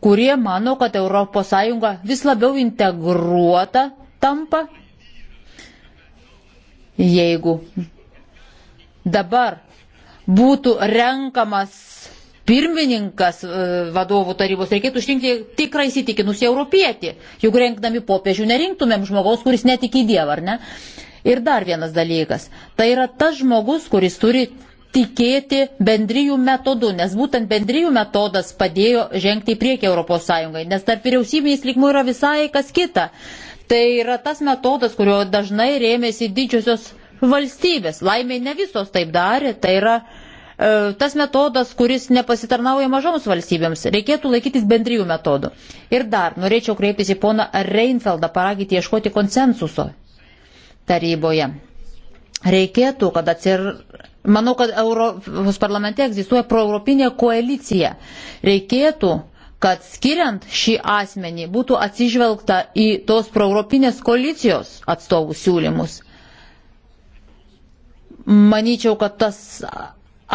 kurie mano, kad ES vis labiau integruota tampa jeigu dabar būtų renkamas pirmininkas e, vadovų tarybos, reikėtų išrinkti tikrą įsitikinusi europietį. Juk renkdami popiežių nerinktumėm žmogaus, kuris netiki į Dievą, ar ne? Ir dar vienas dalykas. Tai yra tas žmogus, kuris turi tikėti bendrijų metodu, nes būtent bendrijų metodas padėjo žengti į priekį ES, nes tarp vyriausybinis lygmuo yra visai kas kita. Tai yra tas metodas, kurio dažnai rėmėsi didžiosios valstybės. Laimiai ne visos taip darė, tai yra e, tas metodas, kuris nepasitarnauja mažoms valstybėms. Reikėtų laikytis bendrijų metodų. Ir dar norėčiau kreiptis į poną Reinfeldą, paragyti ieškoti konsensuso taryboje. Reikėtų, kad atsir... Manau, kad Europos parlamente egzistuoja proeuropinė koalicija. Reikėtų kad skiriant šį asmenį būtų atsižvelgta į tos proeuropinės koalicijos atstovų siūlymus. Manyčiau, kad tas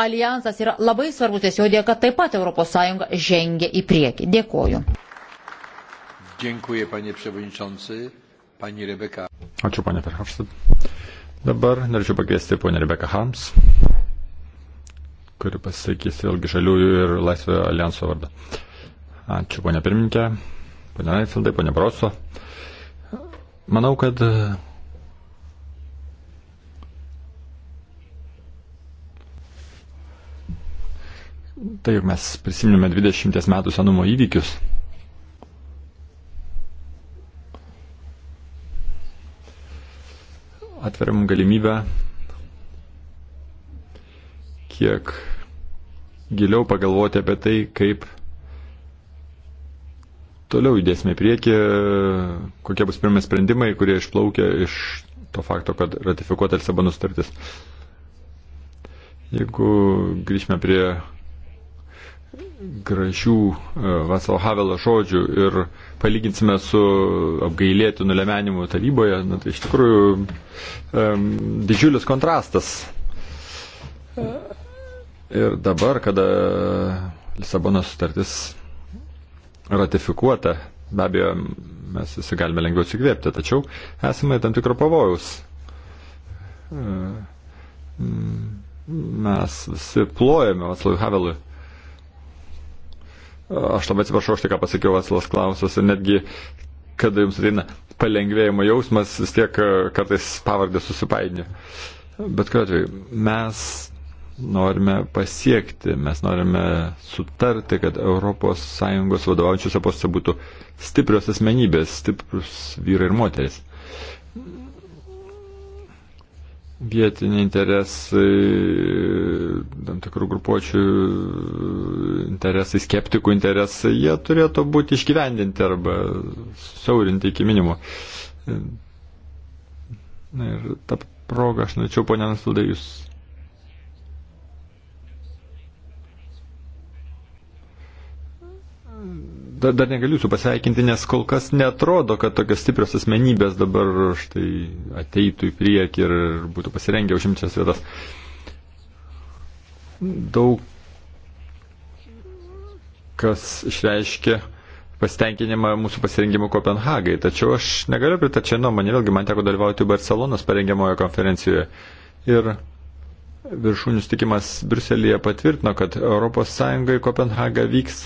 alijansas yra labai svarbus, nes jo dėka taip pat ES žengia į priekį. Dėkoju. Dziękuję, panie przewodniczący. Pani Rebeka. Ačiū, ponė Perhofstad. Dabar norėčiau pakviesti ponę Rebeką Harms, kuri pasakys vėlgi žaliųjų ir laisvojo alijanso vardą. Ačiū, ponia pirmininkė, ponia Eifildai, ponia Broso. Manau, kad Tai juk mes prisiminėme 20 metų senumo įvykius. Atveriam galimybę kiek giliau pagalvoti apie tai, kaip toliau judėsime į priekį, kokie bus pirmie sprendimai, kurie išplaukia iš to fakto, kad ratifikuota Lisabono sutartis. Jeigu grįžime prie gražių e, Vasalo Havelo žodžių ir palyginsime su apgailėtų nulemenimu taryboje, na, tai iš tikrųjų um, didžiulis kontrastas. E, ir dabar, kada Lisabono sutartis ratifikuota, be abejo, mes visi galime lengviau atsikvėpti, tačiau esame tam tikro pavojaus. Mes visi plojame Vaslavui Havelui. Aš labai atsiprašau, aš tik ką pasakiau Vaslavas Klausas ir netgi, kada jums ateina palengvėjimo jausmas, vis tiek e, kartais pavardė susipainė. Bet kuriuo atveju, mes norime pasiekti. Mes norime sutarti, kad ES vadovaujančiuose postuose būtų stiprios asmenybės, stiprus vyrai ir moteris. Vietiniai interesai, tam tikrų grupuočių interesai, skeptikų interesai, jie turėtų būti išgyvendinti arba saurinti iki minimumo. Na ir ta proga aš norėčiau, ponė Nastildai, jūs dar, dar negaliu jūsų pasveikinti, nes kol kas netrodo, kad tokios stiprios asmenybės dabar štai ateitų į priekį ir būtų pasirengę užimčias vietas. Daug kas išreiškia pasitenkinimą mūsų pasirengimu Kopenhagai, tačiau aš negaliu pritarti čia nuomonė, vėlgi man teko dalyvauti Barcelonos parengiamojo konferencijoje. Ir viršūnių stikimas Bruselėje patvirtino, kad ES į Kopenhagą vyks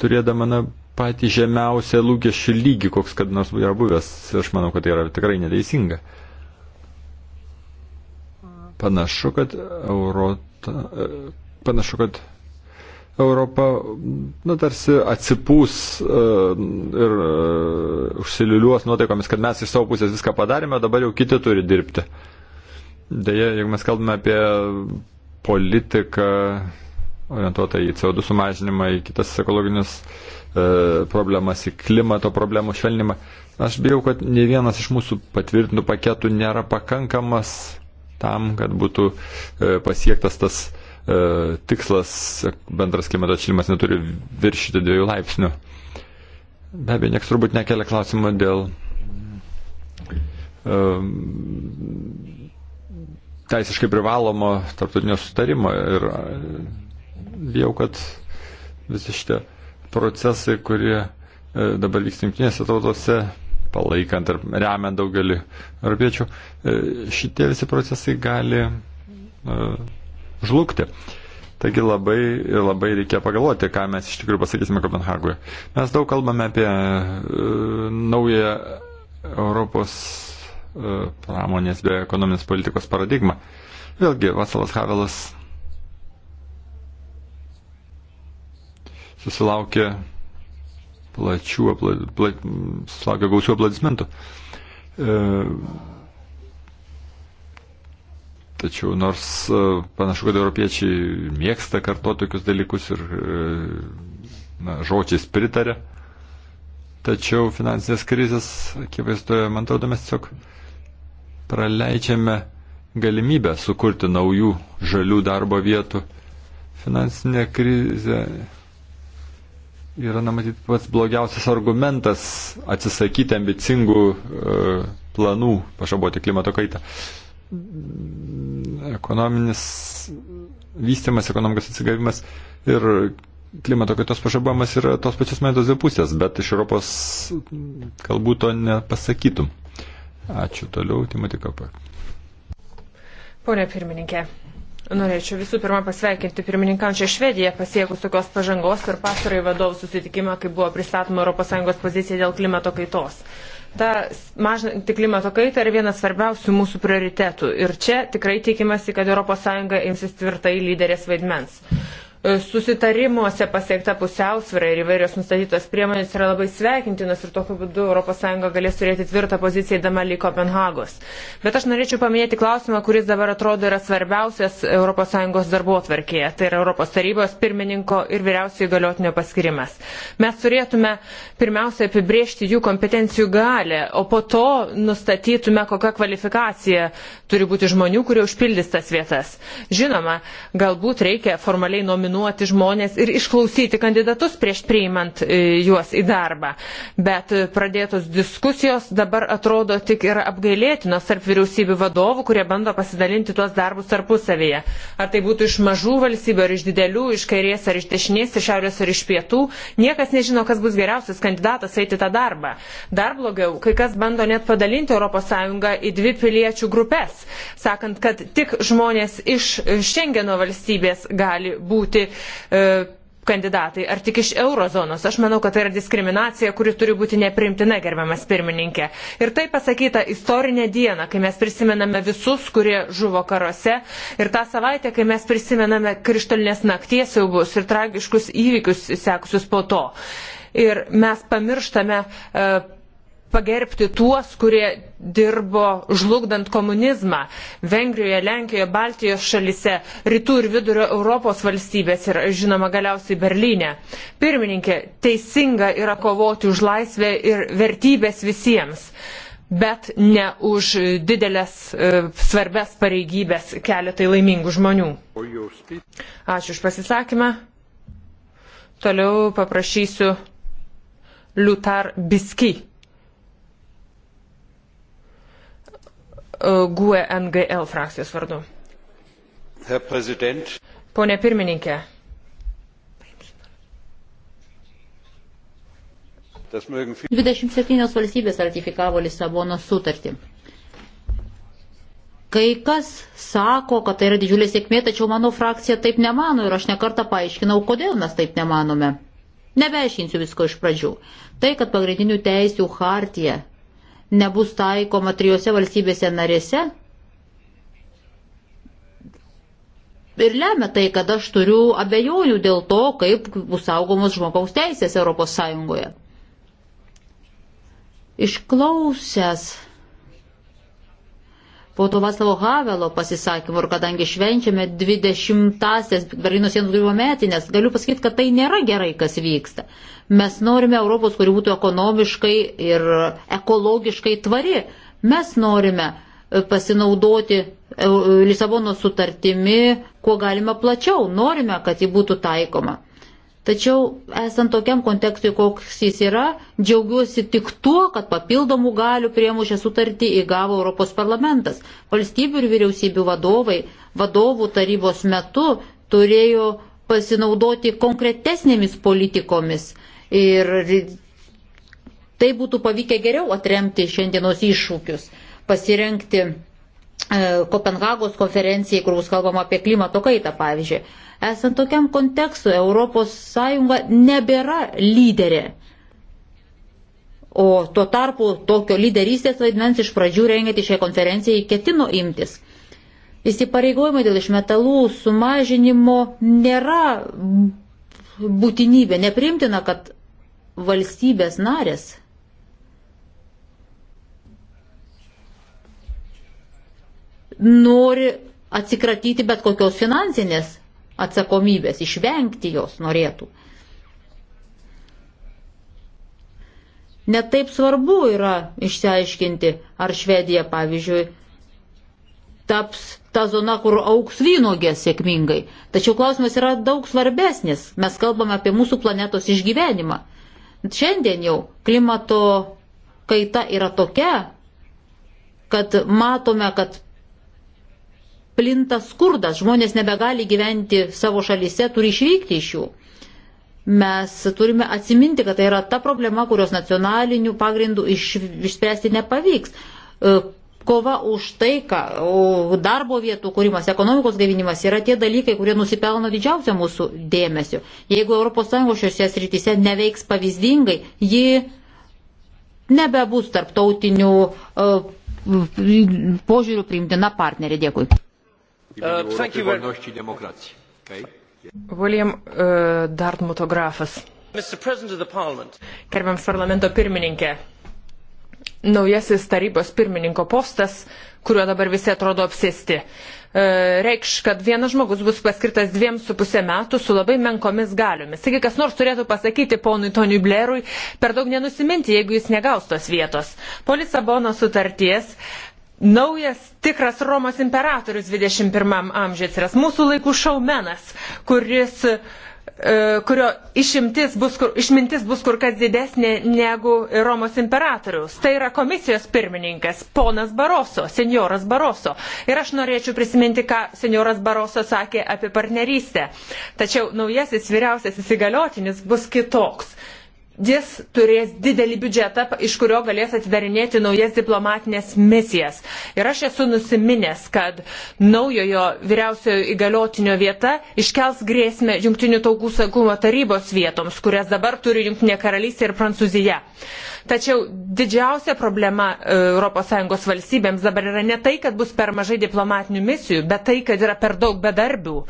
turėdama na, patį žemiausią lūkesčių lygį, koks kad nors yra buvęs. Aš manau, kad tai yra tikrai neteisinga. Panašu, kad Europa, panašu, kad Europa nu, tarsi atsipūs uh, ir uh, e, užsiliuliuos nuotaikomis, kad mes iš savo pusės viską padarėme, dabar jau kiti turi dirbti. Deja, jeigu mes kalbame apie politiką, orientuota į CO2 sumažinimą, į kitas ekologinius e, problemas, į klimato problemų švelnimą. Aš bijau, kad ne vienas iš mūsų patvirtintų paketų nėra pakankamas tam, kad būtų e, pasiektas tas e, tikslas, bendras klimato atšilimas neturi viršyti dviejų laipsnių. Be abejo, nieks turbūt nekelia klausimų dėl e, teisiškai privalomo tarptautinio sutarimo ir bijau, kad visi šitie procesai, kurie e, dabar vyksta jungtinėse tautose, palaikant ar remiant daugelį europiečių, e, šitie visi procesai gali e, žlugti. Taigi labai, labai reikia pagalvoti, ką mes iš tikrųjų pasakysime Kopenhagoje. Mes daug kalbame apie naują Europos pramonės bei ekonominės politikos paradigmą. Vėlgi, Vasalas Havelas susilaukė plačių, pla, pla, susilaukė gausių aplodismentų. E, tačiau nors e, panašu, kad europiečiai mėgsta kartuoti tokius dalykus ir e, na, žodžiais pritarė, tačiau finansinės krizės akivaizdoje, man atrodo, mes tiesiog praleidžiame galimybę sukurti naujų žalių darbo vietų. Finansinė krizė yra, na, matyt, pats blogiausias argumentas atsisakyti ambicingų e, planų pažaboti klimato kaitą. Ekonominis vystimas, ekonomikos atsigavimas ir klimato kaitos pažabojimas yra tos pačios metos dvi pusės, bet iš Europos kalbų to nepasakytum. Ačiū toliau, Timotikapai. Pone pirmininkė, Norėčiau visų pirma pasveikinti pirmininkančią Švediją pasiekus tokios pažangos ir pastarąjį vadovų susitikimą, kai buvo pristatoma ES pozicija dėl klimato kaitos. Ta mažinti klimato kaitą yra vienas svarbiausių mūsų prioritetų ir čia tikrai tikimasi, kad ES imsis tvirtai lyderės vaidmens. E, susitarimuose pasiekta pusiausvėra ir įvairios nustatytos priemonės yra labai sveikintinos ir tokiu būdu ES galės turėti tvirtą poziciją įdama lyg Kopenhagos. Bet aš norėčiau paminėti klausimą, kuris dabar atrodo yra svarbiausias ES darbo atvarkėje. Tai yra Europos tarybos pirmininko ir vyriausiojo įgaliotinio paskirimas. Mes turėtume pirmiausia apibriežti jų kompetencijų galę, o po to nustatytume, kokia kvalifikacija turi būti žmonių, kurie užpildys tas vietas. Žinoma, galbūt reikia formaliai nominuoti nominuoti žmonės ir išklausyti kandidatus prieš priimant e, juos į darbą. Bet e, pradėtos diskusijos dabar atrodo tik yra apgailėtinos tarp vyriausybių vadovų, kurie bando pasidalinti tuos darbus tarpusavėje. Ar tai būtų iš mažų valstybių, ar iš didelių, iš kairės, ar iš dešinės, iš šiaurės, ar iš pietų. Niekas nežino, kas bus geriausias kandidatas eiti tą darbą. Dar blogiau, kai kas bando net padalinti ES į dvi piliečių grupės, sakant, kad tik žmonės iš Šengeno valstybės gali būti kiti e, kandidatai, ar tik iš eurozonos. Aš manau, kad tai yra diskriminacija, kuri turi būti neprimtina, gerbiamas pirmininkė. Ir tai pasakyta istorinė diena, kai mes prisimename visus, kurie žuvo karuose, ir tą savaitę, kai mes prisimename krištolinės nakties siaubus ir tragiškus įvykius sekusius po to. Ir mes pamirštame. Uh, pagerbti tuos, kurie dirbo žlugdant komunizmą. Vengrijoje, Lenkijoje, Baltijos šalise, rytų ir vidurio Europos valstybės ir, žinoma, galiausiai Berlyne. Pirmininkė, teisinga yra kovoti už laisvę ir vertybės visiems, bet ne už didelės e, svarbės pareigybės keletai laimingų žmonių. Ačiū už pasisakymą. Toliau paprašysiu Liutar Biski E, GUE NGL frakcijos vardu. Pone pirmininkė. Mögen... 27 valstybės ratifikavo Lisabono sutartį. Kai kas sako, kad tai yra didžiulė sėkmė, tačiau mano frakcija taip nemano ir aš nekartą paaiškinau, kodėl mes taip nemanome. Nebeaiškinsiu visko iš pradžių. Tai, kad pagrindinių teisių hartija nebus taikoma trijose valstybėse narėse. Ir lemia tai, kad aš turiu abejonių dėl to, kaip bus saugomos žmogaus teisės Europos Sąjungoje. Išklausęs po to Vaslavo Havelo pasisakymų ir kadangi švenčiame 20-asias Berlyno sienų griuvo metinės, galiu pasakyti, kad tai nėra gerai, kas vyksta. Mes norime Europos, kuri būtų ekonomiškai ir ekologiškai tvari. Mes norime e, pasinaudoti e, Lisabono sutartimi, kuo galima plačiau. Norime, kad ji būtų taikoma. Tačiau esant tokiam kontekstui, koks jis yra, džiaugiuosi tik tuo, kad papildomų galių priemušę sutartį įgavo Europos parlamentas. Valstybių ir vyriausybių vadovai vadovų tarybos metu turėjo pasinaudoti konkretesnėmis politikomis ir tai būtų pavykę geriau atremti šiandienos iššūkius, pasirenkti E, Kopenhagos konferencijai, kur bus kalbama apie klimato kaitą, pavyzdžiui. Esant tokiam kontekstui, ES nebėra lyderė. O tuo tarpu tokio lyderystės vaidmens iš pradžių rengiant į šią konferenciją ketino imtis. Įsipareigojimai dėl išmetalų sumažinimo nėra būtinybė, neprimtina, kad valstybės narės nori atsikratyti bet kokios finansinės atsakomybės, išvengti jos norėtų. Netaip svarbu yra išsiaiškinti, ar Švedija, pavyzdžiui, taps ta zona, kur auks vynogės sėkmingai. Tačiau klausimas yra daug svarbesnis. Mes kalbame apie mūsų planetos išgyvenimą. Šiandien jau klimato kaita yra tokia, kad matome, kad plinta skurdas, žmonės nebegali gyventi savo šalyse, turi išvykti iš jų. Mes turime atsiminti, kad tai yra ta problema, kurios nacionalinių pagrindų iš, išspręsti nepavyks. E, kova už taiką, darbo vietų kūrimas, ekonomikos gavinimas yra tie dalykai, kurie nusipelno didžiausią mūsų dėmesio. Jeigu ES šiuose srityse neveiks pavyzdingai, ji nebebus tarptautinių e, požiūrių priimtina partnerė. Dėkui. E, Europy Wolności i Demokracji. Okay? William uh, Dartmuto grafas. Gerbiams parlamento pirmininkė, naujasis tarybos pirmininko postas, kuriuo dabar visi atrodo apsėsti, e, reikš, kad vienas žmogus bus paskirtas dviem su pusė metų su labai menkomis galiomis. Taigi kas nors turėtų pasakyti ponui Toniui Blerui, per daug nenusiminti, jeigu jis negaus tos vietos. Po Lisabono sutarties uh, naujas tikras Romos imperatorius 21 amžiuje atsiras, mūsų laikų šaumenas, kuris, e, kurio išimtis bus, kur, išmintis bus kur kas didesnė negu Romos imperatoriaus. Tai yra komisijos pirmininkas, ponas Baroso, senjoras Baroso. Ir aš norėčiau prisiminti, ką senjoras Baroso sakė apie partnerystę. Tačiau naujasis vyriausiasis įgaliotinis bus kitoks jis turės didelį biudžetą, iš kurio galės atidarinėti naujas diplomatinės misijas. Ir aš esu nusiminęs, kad naujojo vyriausiojo įgaliotinio vieta iškels grėsmę Junktinių tautų saugumo tarybos vietoms, kurias dabar turi Junktinė karalystė ir Prancūzija. Tačiau didžiausia problema ES valstybėms dabar yra ne tai, kad bus per mažai diplomatinių misijų, bet tai, kad yra per daug bedarbių.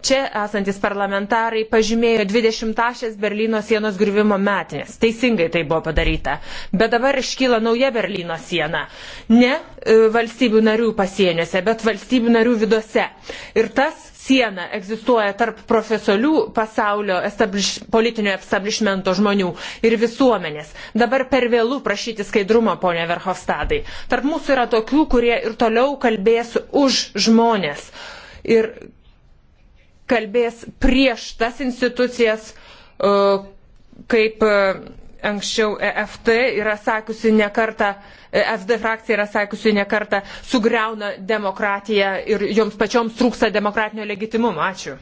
Čia esantis parlamentarai pažymėjo 20-asias Berlyno sienos griuvimo metinės. Teisingai tai buvo padaryta. Bet dabar iškyla nauja Berlyno siena. Ne e, valstybių narių pasieniuose, bet valstybių narių viduose. Ir tas siena egzistuoja tarp profesorių pasaulio establish, politinio establishmento žmonių ir visuomenės. Dabar per vėlų prašyti skaidrumo, ponia Verhofstadai. Tarp mūsų yra tokių, kurie ir toliau kalbės už žmonės. Ir kalbės prieš tas institucijas, e, kaip e, anksčiau EFT yra sakiusi nekarta, e, FD frakcija yra sakiusi nekarta, sugriauna demokratiją ir joms pačioms trūksta demokratinio legitimumo. Ačiū.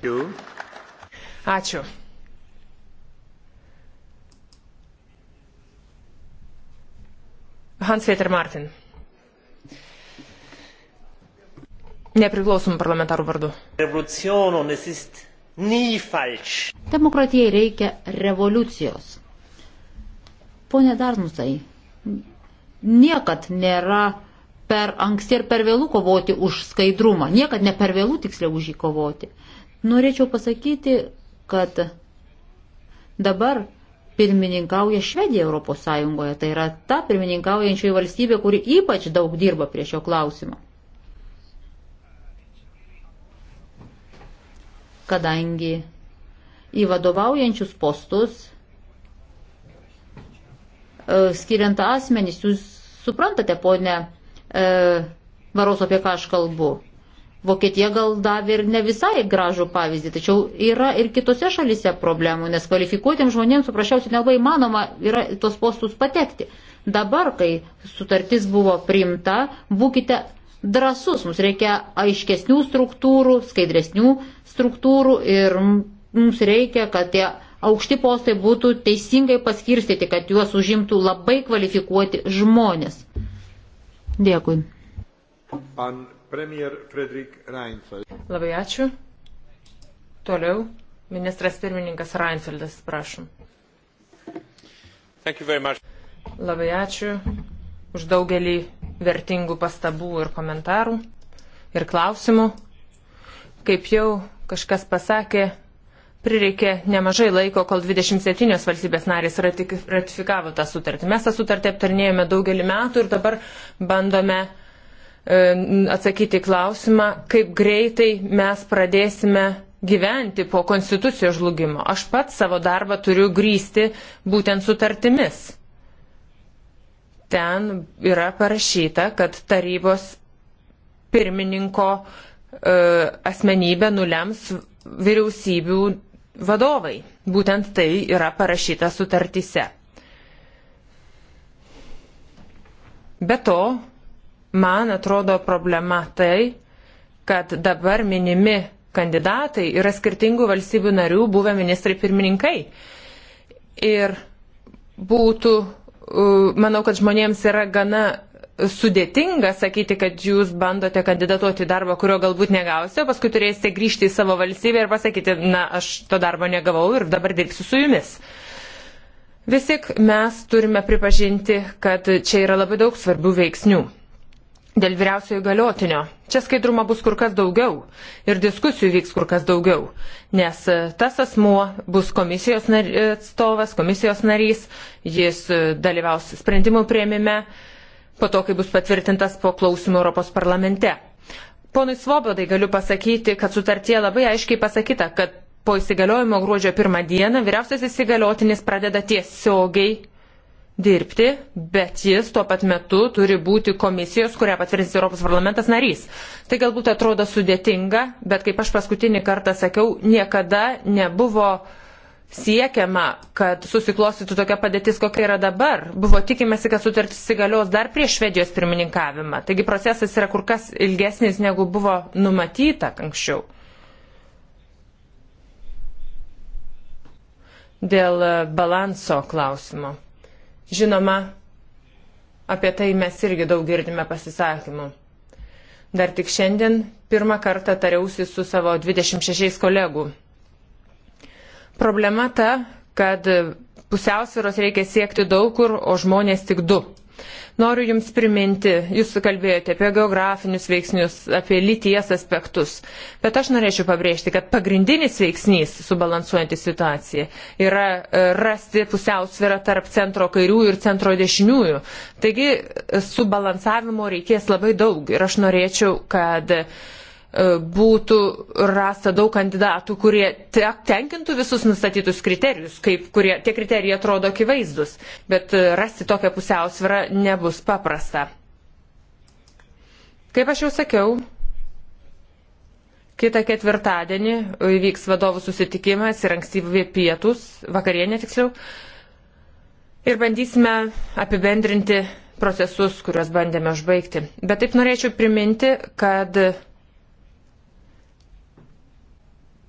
Ačiū. Hans Peter Martin. Nepriklausomų parlamentarų vardu. Demokratijai reikia revoliucijos. Pone Darnusai, niekad nėra per anksti ir per vėlų kovoti už skaidrumą. Niekad ne per vėlų tiksliau už jį kovoti. Norėčiau pasakyti, kad dabar pirmininkauja Švedija Europos Sąjungoje. Tai yra ta pirmininkaujančioji valstybė, kuri ypač daug dirba prie šio klausimo. kadangi į vadovaujančius postus e, skiriant asmenys, jūs suprantate, ponė Varos, e, apie ką aš kalbu. Vokietija gal davė ir ne visai gražų pavyzdį, tačiau yra ir kitose šalise problemų, nes kvalifikuotiems žmonėms paprasčiausiai nelabai įmanoma yra tuos postus patekti. Dabar, kai sutartis buvo priimta, būkite drasus, mums reikia aiškesnių struktūrų, skaidresnių struktūrų ir mums reikia, kad tie aukšti postai būtų teisingai paskirstyti, kad juos užimtų labai kvalifikuoti žmonės. Dėkui. Pan premjer Frederik Reinfeldt. Labai ačiū. Toliau ministras pirmininkas Reinfeldas, prašom. Labai ačiū už daugelį vertingų pastabų ir komentarų ir klausimų. Kaip jau kažkas pasakė, prireikė nemažai laiko, kol 27 valstybės narės ratifikavo tą sutartį. Mes tą sutartį aptarnėjome daugelį metų ir dabar bandome e, atsakyti klausimą, kaip greitai mes pradėsime gyventi po konstitucijos žlugimo. Aš pats savo darbą turiu grįsti būtent sutartimis ten yra parašyta, kad tarybos pirmininko e, asmenybę nulems vyriausybių vadovai. Būtent tai yra parašyta sutartyse. Be to, man atrodo problema tai, kad dabar minimi kandidatai yra skirtingų valstybių narių buvę ministrai pirmininkai. Ir būtų manau, kad žmonėms yra gana sudėtinga sakyti, kad jūs bandote kandidatuoti į darbą, kurio galbūt negausite, o paskui turėsite grįžti į savo valstybę ir pasakyti, na, aš to darbo negavau ir dabar dirbsiu su jumis. Vis tik mes turime pripažinti, kad čia yra labai daug svarbių veiksnių dėl vyriausiojo įgaliotinio. Čia skaidrumo bus kur kas daugiau ir diskusijų vyks kur kas daugiau, nes e, tas asmuo bus komisijos e, atstovas, komisijos narys, jis e, dalyvaus sprendimų prieimime po to, kai bus patvirtintas po klausimų Europos parlamente. Ponui Svobodai galiu pasakyti, kad sutartie labai aiškiai pasakyta, kad po įsigaliojimo gruodžio pirmą dieną vyriausiasis įgaliotinis pradeda tiesiogiai dirbti, bet jis tuo pat metu turi būti komisijos, kurią patvirtins Europos parlamentas narys. Tai galbūt atrodo sudėtinga, bet kaip aš paskutinį kartą sakiau, niekada nebuvo siekiama, kad susiklostytų tokia padėtis, kokia yra dabar. Buvo tikimasi, kad sutartis įsigalios dar prieš Švedijos pirmininkavimą. Taigi procesas yra kur kas ilgesnis, negu buvo numatyta anksčiau. Dėl balanso klausimo. Žinoma, apie tai mes irgi daug girdime pasisakymų. Dar tik šiandien pirmą kartą tariausi su savo 26 kolegų. Problema ta, kad pusiausvėros reikia siekti daug kur, o žmonės tik du Noriu Jums priminti, Jūs kalbėjote apie geografinius veiksnius, apie lyties aspektus, bet aš norėčiau pabrėžti, kad pagrindinis veiksnys subalansuojantį situaciją yra e, rasti pusiausvyrą tarp centro kairiųjų ir centro dešiniųjų. Taigi e, subalansavimo reikės labai daug ir aš norėčiau, kad uh, E, būtų rasta daug kandidatų, kurie tenkintų visus nustatytus kriterijus, kaip kurie, tie kriterijai atrodo akivaizdus, bet e, rasti tokią pusiausvyrą nebus paprasta. Kaip aš jau sakiau, kitą ketvirtadienį įvyks vadovų susitikimas ir ankstyvi pietus, vakarienė tiksliau, ir bandysime apibendrinti procesus, kuriuos bandėme užbaigti. Bet taip norėčiau priminti, kad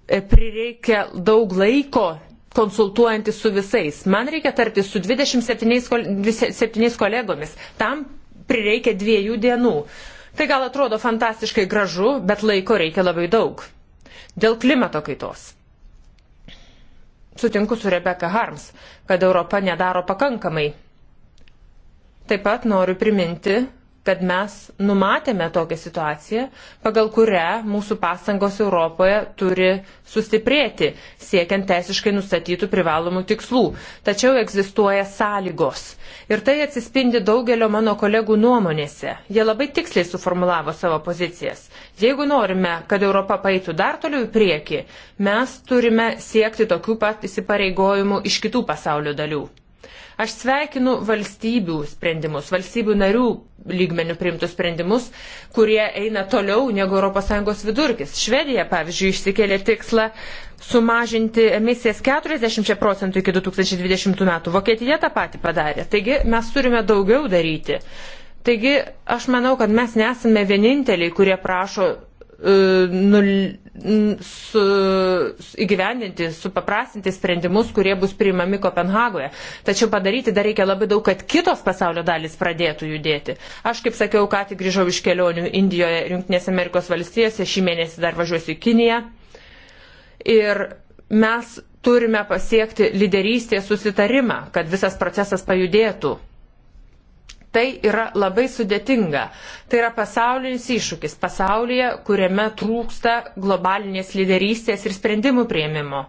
E, prireikia daug laiko konsultuojantis su visais. Man reikia tartis su 27 kolegomis. Tam prireikia dviejų dienų. Tai gal atrodo fantastiškai gražu, bet laiko reikia labai daug. Dėl klimato kaitos. Sutinku su Rebecca Harms, kad Europa nedaro pakankamai. Taip pat noriu priminti, kad mes numatėme tokią situaciją, pagal kurią mūsų pastangos Europoje turi sustiprėti, siekiant teisiškai nustatytų privalomų tikslų. Tačiau egzistuoja sąlygos. Ir tai atsispindi daugelio mano kolegų nuomonėse. Jie labai tiksliai suformulavo savo pozicijas. Jeigu norime, kad Europa paeitų dar toliau į priekį, mes turime siekti tokių pat įsipareigojimų iš kitų pasaulio dalių. Aš sveikinu valstybių sprendimus, valstybių narių lygmenių priimtus sprendimus, kurie eina toliau negu ES vidurkis. Švedija, pavyzdžiui, išsikėlė tikslą sumažinti emisijas 40 procentų iki 2020 metų. Vokietija tą patį padarė. Taigi mes turime daugiau daryti. Taigi aš manau, kad mes nesame vieninteliai, kurie prašo E, nul, su, su, įgyvendinti, supaprastinti sprendimus, kurie bus priimami Kopenhagoje. Tačiau padaryti dar reikia labai daug, kad kitos pasaulio dalis pradėtų judėti. Aš, kaip sakiau, ką tik grįžau iš kelionių Indijoje ir Junktinėse Amerikos valstijose, šį mėnesį dar važiuosiu į Kiniją. Ir mes turime pasiekti lyderystės susitarimą, kad visas procesas pajudėtų tai yra labai sudėtinga. Tai yra pasaulinis iššūkis pasaulyje, kuriame trūksta globalinės lyderystės ir sprendimų prieimimo,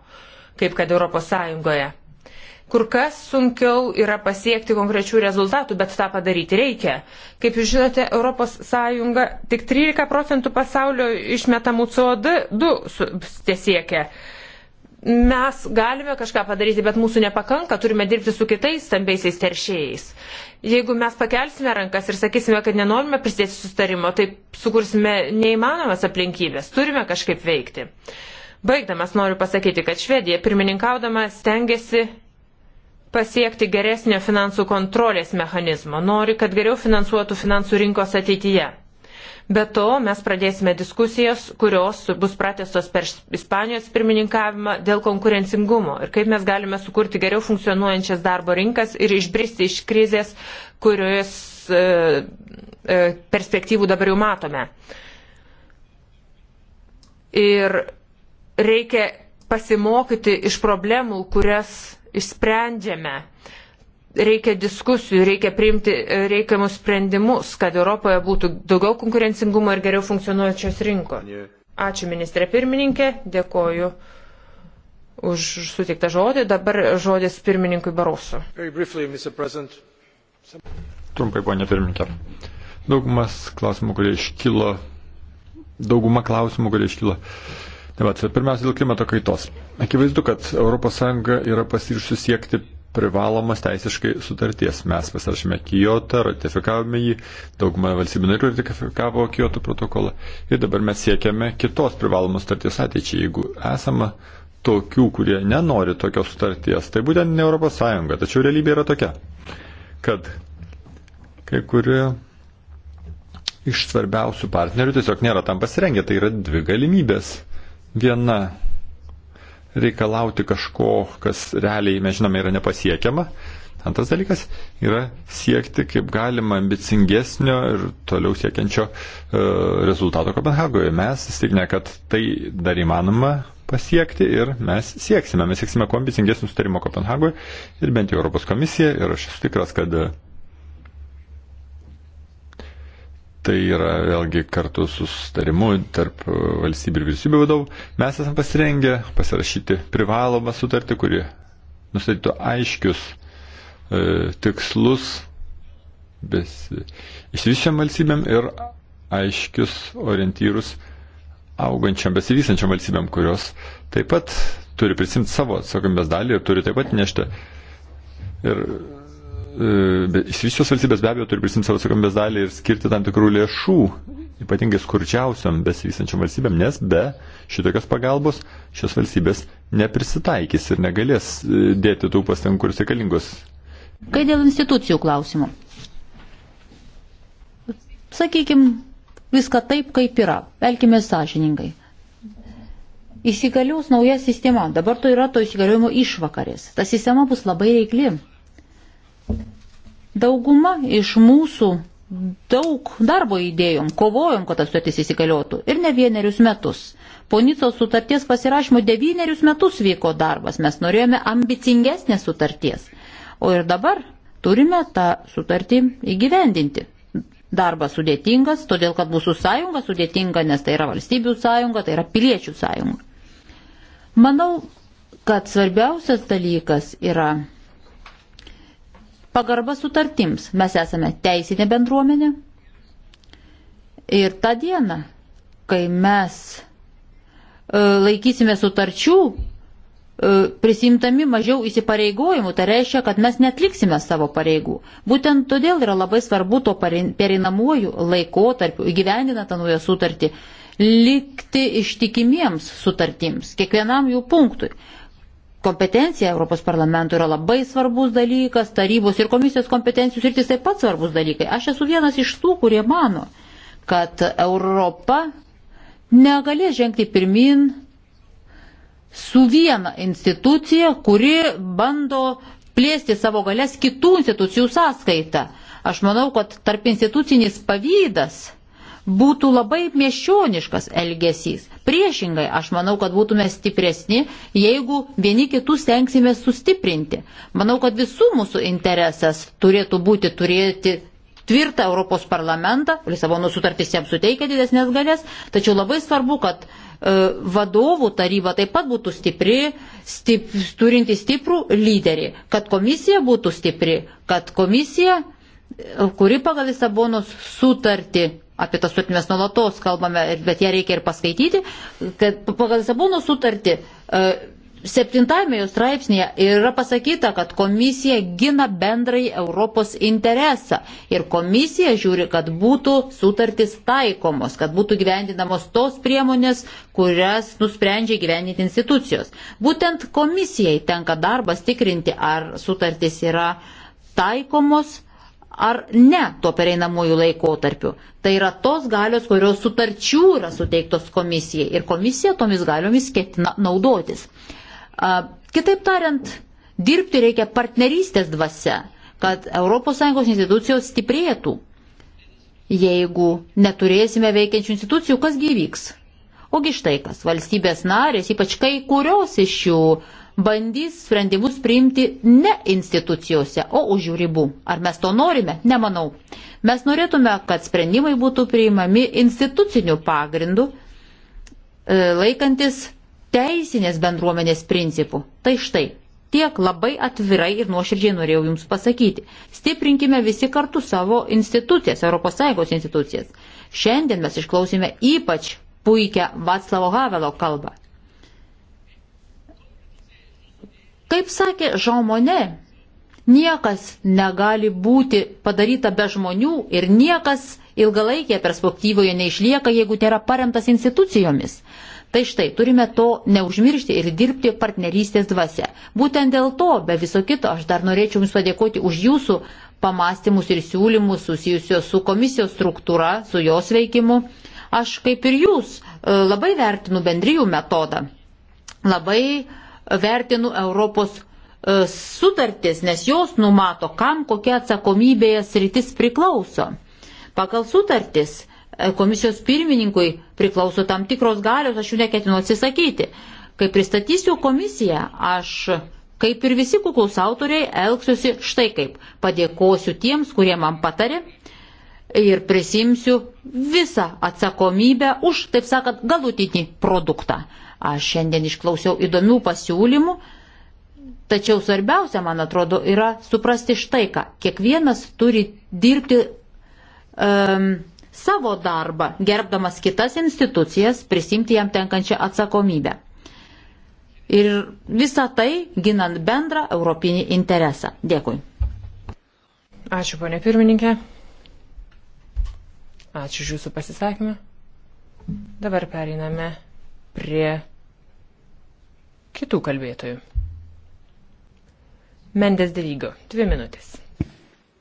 kaip kad ES. Kur kas sunkiau yra pasiekti konkrečių rezultatų, bet tą padaryti reikia. Kaip jūs žinote, ES tik 13 procentų pasaulio išmetamų CO2 tiesiekia mes galime kažką padaryti, bet mūsų nepakanka, turime dirbti su kitais stambiaisiais teršėjais. Jeigu mes pakelsime rankas ir sakysime, kad nenorime prisidėti sustarimo, tai sukursime neįmanomas aplinkybės, turime kažkaip veikti. Baigdamas noriu pasakyti, kad Švedija pirmininkaudama stengiasi pasiekti geresnio finansų kontrolės mechanizmo, nori, kad geriau finansuotų finansų rinkos ateityje. Be to, mes pradėsime diskusijas, kurios bus pratestos per Ispanijos pirmininkavimą dėl konkurencingumo ir kaip mes galime sukurti geriau funkcionuojančias darbo rinkas ir išbristi iš krizės, kurios e, e, perspektyvų dabar jau matome. Ir reikia pasimokyti iš problemų, kurias išsprendžiame. E, reikia diskusijų, reikia priimti e, reikiamus sprendimus, kad Europoje būtų daugiau konkurencingumo ir geriau funkcionuojančios rinkos. Ačiū ministrė pirmininkė, dėkoju už sutiktą žodį. Dabar žodis pirmininkui Barosu. Trumpai, ponė pirmininkė. Daugumas klausimų, kurie iškilo, dauguma klausimų, kurie iškilo. Debats. Tai pirmiausia, dėl klimato kaitos. Akivaizdu, kad ES yra pasiryžusi siekti privalomas teisiškai sutarties. Mes pasirašėme Kijotą, ratifikavome jį, dauguma valstybių narių ratifikavo Kijoto protokolą ir dabar mes siekiame kitos privalomos sutarties ateičiai. Jeigu esama tokių, kurie nenori tokios sutarties, tai būtent ne Europos Sąjunga, tačiau realybė yra tokia, kad kai kurie iš svarbiausių partnerių tiesiog nėra tam pasirengę, tai yra dvi galimybės. Viena reikalauti kažko, kas realiai, mes žinome, yra nepasiekiama. Antras dalykas yra siekti kaip galima ambicingesnio ir toliau siekiančio e, rezultato Kopenhagoje. Mes įstignę, kad tai dar įmanoma pasiekti ir mes sieksime. Mes sieksime kuo ambicingesnio sutarimo Kopenhagoje ir bent jau Europos komisija. Ir aš esu tikras, kad Tai yra vėlgi kartu su sustarimu tarp valstybių ir vyriausybių vadovų. Mes esame pasirengę pasirašyti privalomą sutartį, kuri nustatytų aiškius e, tikslus išsivyščiam valstybėm ir aiškius orientyrus augančiam, besivysančiam valstybėm, kurios taip pat turi prisimti savo atsakomybės dalį ir turi taip pat nešti. Ir E, išsivyščios valstybės be abejo turi prisimti savo atsakomybės dalį ir skirti tam tikrų lėšų, ypatingai skurčiausiam besivystančiam valstybėm, nes be šitokios pagalbos šios valstybės neprisitaikys ir negalės e, dėti tų pastangų, kuris reikalingos. Kai dėl institucijų klausimų. Sakykime, viską taip, kaip yra. Elkime sąžiningai. Įsigaliaus nauja sistema. Dabar to yra to įsigaliojimo išvakarės. Ta sistema bus labai reikli Dauguma iš mūsų daug darbo įdėjom, kovojom, kad tas sutartis įsigaliotų. Ir ne vienerius metus. Po Nicos sutarties pasirašymo devynerius metus vyko darbas. Mes norėjome ambicingesnės sutarties. O ir dabar turime tą sutartį įgyvendinti. Darbas sudėtingas, todėl kad mūsų sąjunga sudėtinga, nes tai yra valstybių sąjunga, tai yra piliečių sąjunga. Manau, kad svarbiausias dalykas yra Pagarba sutartims. Mes esame teisinė bendruomenė. Ir tą dieną, kai mes e, laikysime sutarčių, e, prisimtami mažiau įsipareigojimų, tai reiškia, kad mes netliksime savo pareigų. Būtent todėl yra labai svarbu to perinamuoju laikotarpiu, įgyvendinant tą naują sutartį, likti ištikimiems sutartims, kiekvienam jų punktui kompetencija Europos parlamento yra labai svarbus dalykas, tarybos ir komisijos kompetencijų sritis taip pat svarbus dalykai. Aš esu vienas iš tų, kurie mano, kad Europa negalės žengti pirmin su viena institucija, kuri bando plėsti savo galės kitų institucijų sąskaitą. Aš manau, kad tarp institucinis pavydas būtų labai miesčioniškas elgesys. Priešingai, aš manau, kad būtume stipresni, jeigu vieni kitus stengsime sustiprinti. Manau, kad visų mūsų interesas turėtų būti turėti tvirtą Europos parlamentą, Lisabono sutartis jam suteikia didesnės galės, tačiau labai svarbu, kad e, vadovų taryba taip pat būtų stipri, stip, turinti stiprų lyderį, kad komisija būtų stipri, kad komisija, e, kuri pagal Lisabonos sutartį apie tas sutartį mes nuolatos kalbame, bet ją reikia ir paskaityti, kad pagal Sabono sutartį e, septintame jų straipsnėje yra pasakyta, kad komisija gina bendrai Europos interesą ir komisija žiūri, kad būtų sutartys taikomos, kad būtų gyvendinamos tos priemonės, kurias nusprendžia gyveninti institucijos. Būtent komisijai tenka darbas tikrinti, ar sutartys yra taikomos ar ne tuo pereinamųjų laikotarpiu. Tai yra tos galios, kurios sutarčių yra suteiktos komisijai ir komisija tomis galiomis ketina naudotis. Kitaip tariant, dirbti reikia partnerystės dvasia, kad ES institucijos stiprėtų. Jeigu neturėsime veikiančių institucijų, kas gyvyks? Ogi štai kas, valstybės narės, ypač kai kurios iš jų uh, bandys sprendimus priimti ne institucijose, o už jų ribų. Ar mes to norime? Nemanau. Mes norėtume, kad sprendimai būtų priimami instituciniu pagrindu, e, laikantis teisinės bendruomenės principų. Tai štai, tiek labai atvirai ir nuoširdžiai norėjau Jums pasakyti. Stiprinkime visi kartu savo institucijas, ES institucijas. Šiandien mes išklausime ypač puikią Vaclavo Havelo kalbą. Kaip sakė Žaumone, niekas negali būti padaryta be žmonių ir niekas ilgalaikėje perspektyvoje neišlieka, jeigu tai yra paremtas institucijomis. Tai štai, turime to neužmiršti ir dirbti partnerystės dvasia. Būtent dėl to, be viso kito, aš dar norėčiau Jums padėkoti už Jūsų pamastymus ir siūlymus susijusios su komisijos struktūra, su jos veikimu. Aš kaip ir Jūs e, labai vertinu bendrijų metodą. Labai uh, vertinu Europos e, sutartis, nes jos numato, kam kokia atsakomybėje sritis priklauso. Pagal sutartis e, komisijos pirmininkui priklauso tam tikros galios, aš jų neketinu atsisakyti. Kai pristatysiu komisiją, aš, kaip ir visi kuklaus autoriai, elgsiuosi štai kaip. Padėkosiu tiems, kurie man patarė ir prisimsiu visą atsakomybę už, taip sakant, galutinį produktą. Aš šiandien išklausiau įdomių pasiūlymų, tačiau svarbiausia, man atrodo, yra suprasti štai ką. Kiekvienas turi dirbti um, savo darbą, gerbdamas kitas institucijas, prisimti jam tenkančią atsakomybę. Ir visą tai ginant bendrą europinį interesą. Dėkui. Ačiū, ponė pirmininkė. Ačiū už jūsų pasisakymą. Dabar pereiname prie kitų kalbėtojų. Mendes Delygo, dvi minutės.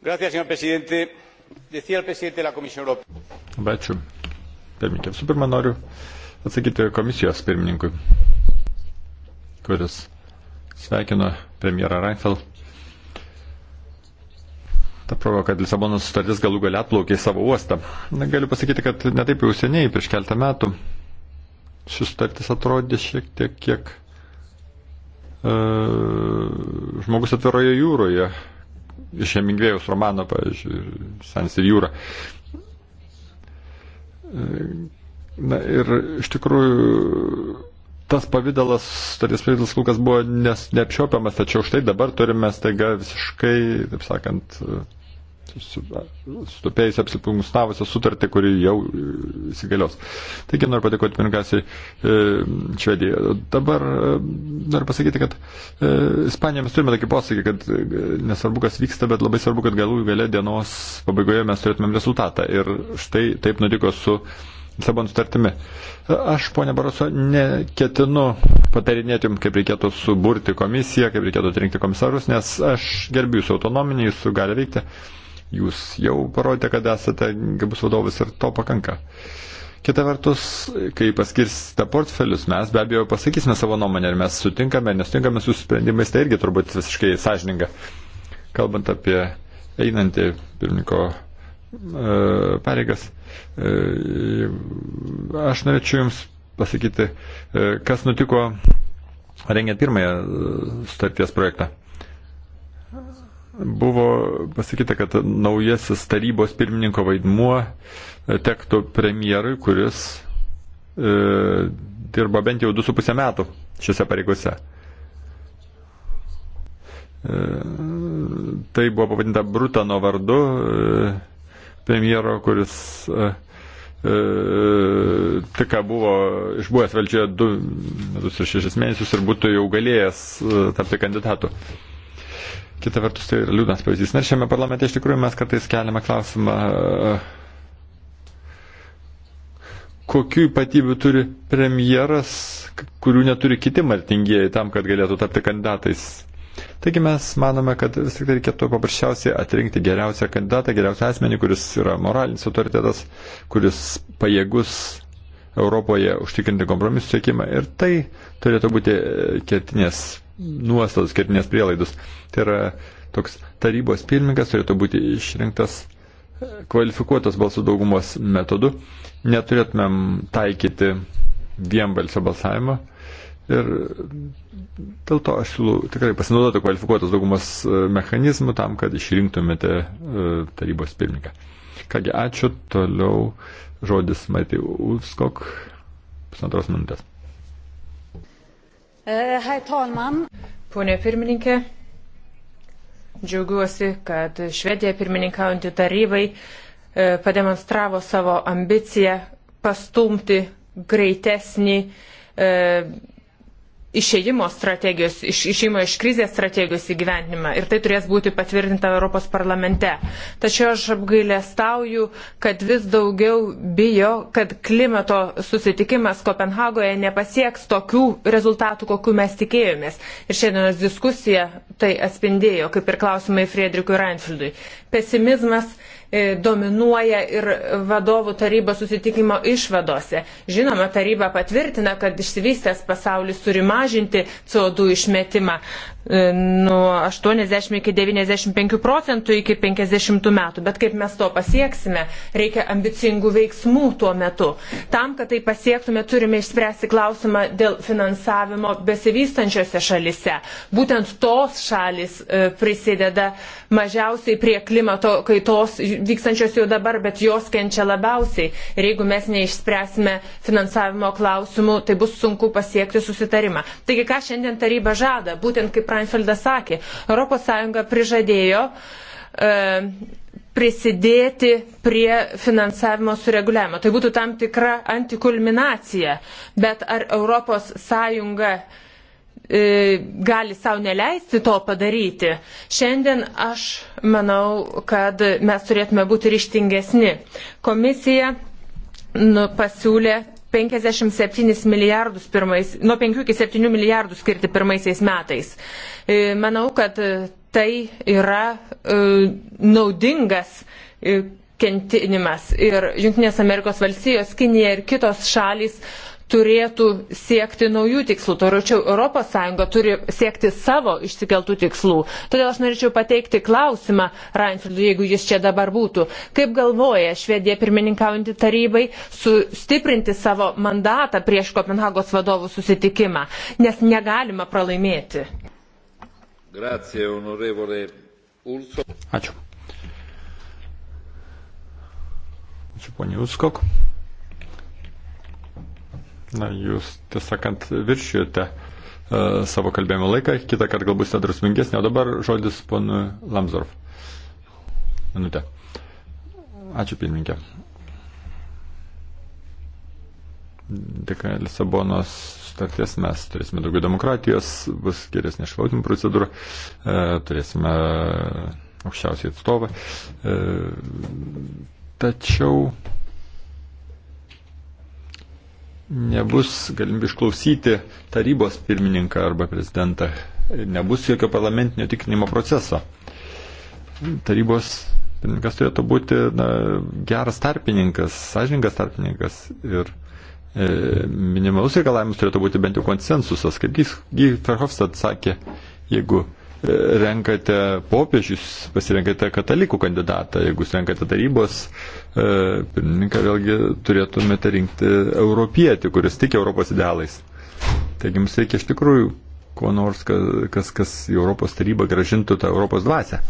Gracias, señor presidente. Decía el presidente de la Comisión Europea. Ačiū. Pirmininkė, visų pirma noriu atsakyti komisijos pirmininkui, kuris sveikino premjerą Reinfeld. Ta proga, kad Lisabonos sutartis galų galia atplaukė į savo uostą. Na, galiu pasakyti, kad netaip jau seniai, prieš keltą metų, šis sutartis atrodė šiek tiek kiek E, žmogus atviroje jūroje, iš Hemingvėjaus romano, pavyzdžiui, Sans ir jūra. E, na ir iš tikrųjų tas pavydalas, tas pavydalas kol kas buvo neapčiopiamas, tačiau štai dabar turime staiga visiškai, taip sakant, stupėjus apsipungustavusią sutartį, kuri jau e, įsigalios. Taigi noriu padėkoti pirmkasiai e, Švedijai. Dabar e, noriu pasakyti, kad Ispanijoje mes turime tokį posakį, kad nesvarbu, kas vyksta, bet labai svarbu, kad galų gale dienos pabaigoje mes turėtumėm rezultatą. Ir štai taip nutiko su Lisabon sutartimi. Aš, ponė Baroso, neketinu patarinėti jums, kaip reikėtų suburti komisiją, kaip reikėtų atrinkti komisarus, nes aš gerbiu jūsų autonominį, jūsų gali veikti. Uh, Jūs jau parodėte, kad esate gabus vadovas ir to pakanka. Kita vertus, kai paskirsite portfelius, mes be abejo pasakysime savo nuomonę, ar mes sutinkame, nesutinkame su sprendimais, tai irgi turbūt visiškai sąžininga. Kalbant apie einantį pirmininko e, pareigas, e, aš norėčiau Jums pasakyti, e, kas nutiko rengiant pirmąją e, starties projektą buvo pasakyta, kad naujasis tarybos pirmininko vaidmuo tektų premjerui, kuris e, dirba bent jau 2,5 metų šiuose pareigose. E, tai buvo pavadinta Brutano vardu e, premjero, kuris e, e, tik buvo išbuvęs valdžioje 2 metus ir 6 mėnesius ir būtų jau galėjęs e, tapti kandidatu. E, Kita vertus, tai yra liūdnas pavyzdys. Na ir šiame parlamente iš tikrųjų mes kartais keliame klausimą, e, kokiu ypatybių turi premjeras, kurių neturi kiti martingieji tam, kad galėtų tapti kandidatais. Taigi mes manome, kad vis tik tai reikėtų paprasčiausiai atrinkti geriausią kandidatą, geriausią asmenį, kuris yra moralinis autoritetas, kuris pajėgus Europoje užtikrinti kompromisų siekimą. Ir tai turėtų būti e, kertinės nuostatas, kertinės prielaidus. Tai yra toks tarybos pirmininkas turėtų būti išrinktas kvalifikuotos balsų daugumos metodu. Neturėtumėm taikyti vienbalsio balsavimo. Ir dėl to aš siūlau tikrai pasinaudoti kvalifikuotos daugumos e, mechanizmų tam, kad išrinktumėte e, tarybos pirmininką. Kągi, ačiū. Toliau žodis Matė Ulskok. Pusantros minutės. Eh, herr talman. Pone pirmininkė, džiaugiuosi, kad Švedija pirmininkaujantį tarybai eh, pademonstravo savo ambiciją pastumti greitesnį eh, išėjimo strategijos, iš, išėjimo iš krizės strategijos įgyvendinimą ir tai turės būti patvirtinta Europos parlamente. Tačiau aš apgailėstauju, kad vis daugiau bijo, kad klimato susitikimas Kopenhagoje nepasieks tokių rezultatų, kokių mes tikėjomės. Ir šiandienos diskusija tai atspindėjo, kaip ir klausimai Friedrikui Reinfeldui. Pesimizmas E, dominuoja ir vadovų tarybos susitikimo išvadose. Žinoma, taryba patvirtina, kad išsivystęs pasaulis turi mažinti CO2 išmetimą e, nuo 80 iki 95 procentų iki 50 metų. Bet kaip mes to pasieksime, reikia ambicingų veiksmų tuo metu. Tam, kad tai pasiektume, turime išspręsti klausimą dėl finansavimo besivystančiose šalise. Būtent tos šalis e, prisideda mažiausiai prie klimato kaitos vykstančios jau dabar, bet jos kenčia labiausiai. Ir jeigu mes neišspręsime finansavimo klausimų, tai bus sunku pasiekti susitarimą. Taigi, ką šiandien taryba žada, būtent kaip Reinfeldas sakė, ES prižadėjo e, prisidėti prie finansavimo sureguliavimo. Tai būtų tam tikra antikulminacija. Bet ar ES E, gali savo neleisti to padaryti. Šiandien aš manau, kad mes turėtume būti ryštingesni. Komisija nu, pasiūlė 57 milijardus pirmais, nuo 5 iki 7 milijardų skirti pirmaisiais metais. E, manau, kad tai yra e, naudingas kentinimas. Ir Junktinės Amerikos valstijos, Kinija ir kitos šalys uh, turėtų siekti naujų tikslų, tačiau ES turi siekti savo išsikeltų tikslų. Todėl aš norėčiau pateikti klausimą Reinfeldui, jeigu jis čia dabar būtų. Kaip galvoja Švedija pirmininkaujantį tarybai sustiprinti savo mandatą prieš Kopenhagos vadovų susitikimą, nes negalima pralaimėti? Grazie, Ačiū. Ačiū, ponia Uskok. Na, jūs, tiesąkant, viršijote uh, savo kalbėjimo laiką, kitą kartą galbūt sėdrus drusmingesnė, o dabar žodis ponui Lamzorf. Minutė. Ačiū, pirmininkė. Dėka Lisabonos sutarties mes turėsime daugiau demokratijos, bus geresnė švautimų procedūra, e, turėsime aukščiausiai atstovą. E, tačiau nebus galimybė išklausyti tarybos pirmininką arba prezidentą. Nebus jokio parlamentinio tikinimo proceso. Tarybos pirmininkas turėtų būti na, geras tarpininkas, sąžininkas tarpininkas. Ir e, minimalus reikalavimus turėtų būti bent jau konsensusas. Kaip Gif Verhofstadt sakė, jeigu renkate popiežius, pasirenkate katalikų kandidatą, jeigu renkate tarybos e, pirmininką, vėlgi turėtumėte rinkti europietį, kuris tik Europos idealais. Taigi jums reikia iš tikrųjų ko nors, kas, kas į Europos tarybą gražintų tą Europos dvasę.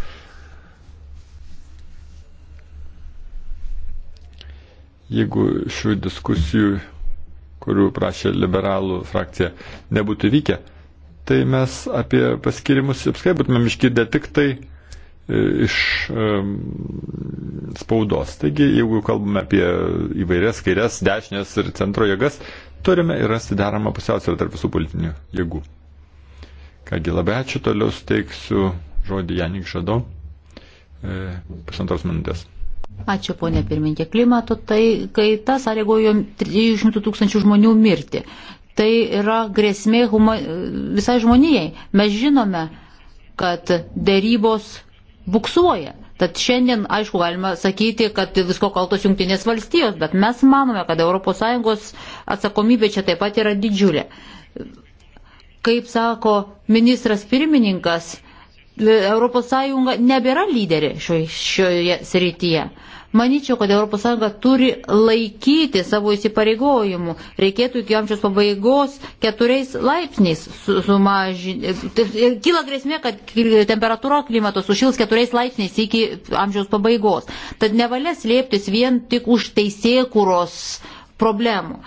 Jeigu šių diskusijų, kurių prašė liberalų frakcija, nebūtų vykę, tai mes apie paskirimus apskai būtumėm išgirdę tik tai e, iš spaudos. Taigi, jeigu kalbame apie įvairias kairias, dešinės ir centro jėgas, turime ir rasti deramą pusiausvyrą tarp visų politinių jėgų. Kągi, labai ačiū, toliau suteiksiu žodį Janik Žado. E, pusantros minutės. Ačiū, ponė pirmininkė. Klimato tai kaita sąlygojo 300 tūkstančių žmonių mirti tai yra grėsmė humo, visai žmonijai. Mes žinome, kad dėrybos buksuoja. Tad šiandien, aišku, galima sakyti, kad visko kaltos jungtinės valstijos, bet mes manome, kad ES atsakomybė čia taip pat yra didžiulė. Kaip sako ministras pirmininkas, ES nebėra lyderė šioje, šioje srityje. Maničiau, kad ES turi laikyti savo įsipareigojimų. Reikėtų iki amžiaus pabaigos keturiais laipsniais sumažinti. Kyla grėsmė, kad temperatūra klimato sušils keturiais laipsniais iki amžiaus pabaigos. Tad nevalia slėptis vien tik už teisėkuros uh, problemų.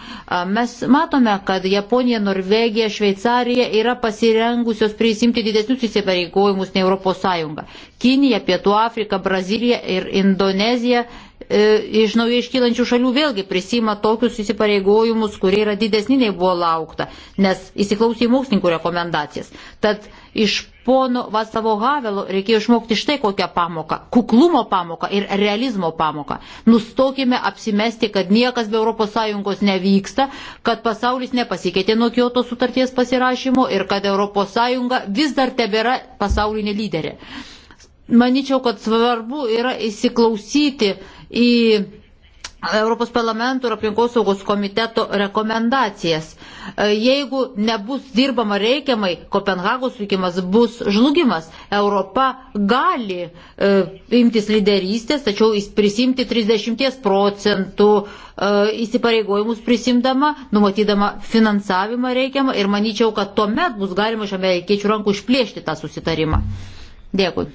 Mes matome, kad Japonija, Norvegija, Šveicarija yra pasirengusios prisimti didesnius įsipareigojimus nei ES. Kinija, Pietų Afrika, Brazilija ir Indonezija e, iš naujai iškylančių šalių vėlgi prisima tokius įsipareigojimus, kurie yra didesni nei buvo laukta, nes įsiklausė į mokslininkų rekomendacijas. Tad iš pono Vaclavo Havelo reikėjo išmokti štai kokią pamoką - kuklumo pamoką ir realizmo pamoką. Nustokime apsimesti, kad niekas be ES nevyksta, kad pasaulis nepasikeitė nuo Kyoto sutarties pasirašymo ir kad ES vis dar tebėra pasaulinė lyderė. Maničiau, kad svarbu yra įsiklausyti į Europos parlamento ir aplinkosaugos komiteto rekomendacijas. E, jeigu nebus dirbama reikiamai, Kopenhagos vykimas bus žlugimas. Europa gali e, imtis lyderystės, tačiau prisimti 30 procentų e, įsipareigojimus prisimdama, numatydama finansavimą reikiamą ir manyčiau, kad tuomet bus galima iš amerikiečių rankų išplėšti tą susitarimą. Dėkui.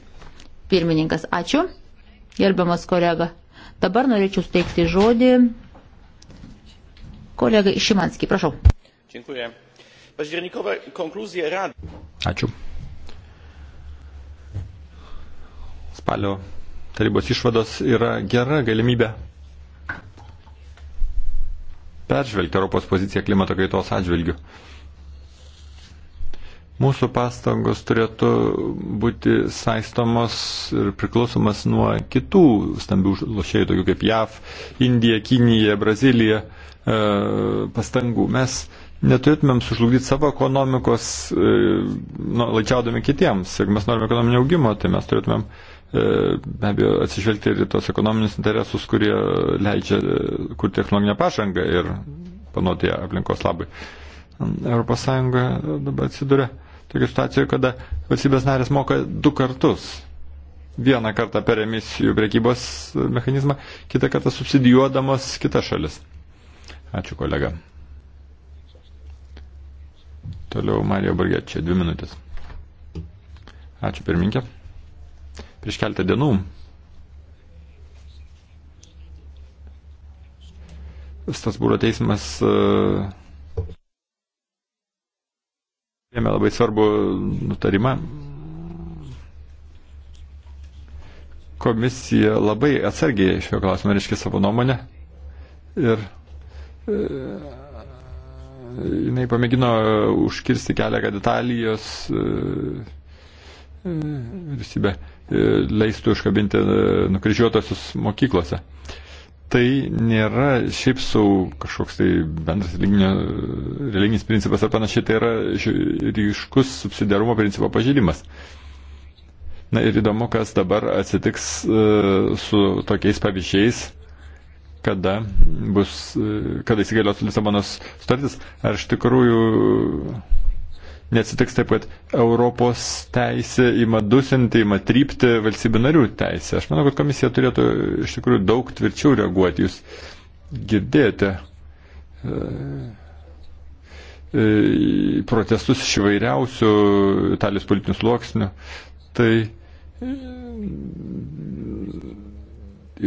Pirmininkas, ačiū. Gerbiamas kolega. Dabar norėčiau steigti žodį kolegai Šimanski. Prašau. Dziękuję. Październikowe konkluzje Rady. Ačiū. Spalio tarybos išvados yra gera galimybė peržvelgti Europos poziciją klimato kaitos atžvilgių. Mūsų pastangos turėtų būti saistomos ir priklausomas nuo kitų stambių lošėjų, tokių kaip JAV, Indija, Kinija, Brazilija e, pastangų. Mes neturėtumėm sužlugdyti savo ekonomikos, e, nu, laikiaudami kitiems. Jeigu mes norime ekonominio augimo, tai mes turėtumėm e, be abejo atsižvelgti ir tos ekonominius interesus, kurie leidžia kurti technologinę pažangą ir panoti ją aplinkos labai. ES dabar atsiduria tokių situacijų, kada valstybės narės moka du kartus. Vieną kartą per emisijų prekybos mechanizmą, kitą kartą subsidijuodamos kitas šalis. Ačiū kolega. Toliau Marijo Bargetčia, dvi minutės. Ačiū pirminkė. Prieš keltą dienų Stasbūro teismas uh, Jame labai svarbu nutarimą. Komisija labai atsargiai šio klausimo reiškia savo nuomonę ir e, jinai pamėgino užkirsti kelią, kad Italijos e, e vyriausybė e, leistų iškabinti e, nukryžiuotosius mokyklose. E, tai nėra šiaip sau kažkoks tai bendras religinis principas ar panašiai, tai yra ryškus subsidiarumo principo pažydimas. Na ir įdomu, kas dabar atsitiks e, su tokiais pavyzdžiais, kada bus, e, kada įsigalios Lisabonos sutartis, ar iš tikrųjų Nesitiks taip, kad Europos teisė ima dusinti, ima trypti valstybių narių teisę. Aš manau, kad komisija turėtų iš tikrųjų daug tvirčiau reaguoti. Jūs girdėjote e, e, protestus iš įvairiausių italijos politinių sluoksnių. Tai e,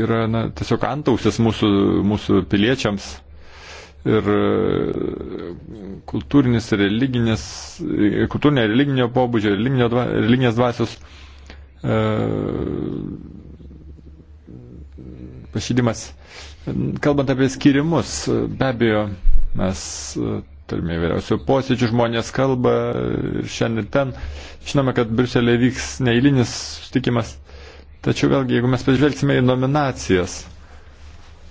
yra na, tiesiog antausis mūsų, mūsų piliečiams ir e, kultūrinis, religinės, e, kultūrinė, religinio pobūdžio, religinio, religinės dvasios e, pašydimas. Kalbant apie skirimus, be abejo, mes e, turime įvairiausių posėdžių, žmonės kalba ir šiandien ten. Žinome, kad Briuselėje vyks neįlinis sutikimas. Tačiau vėlgi, jeigu mes pažvelgsime į nominacijas,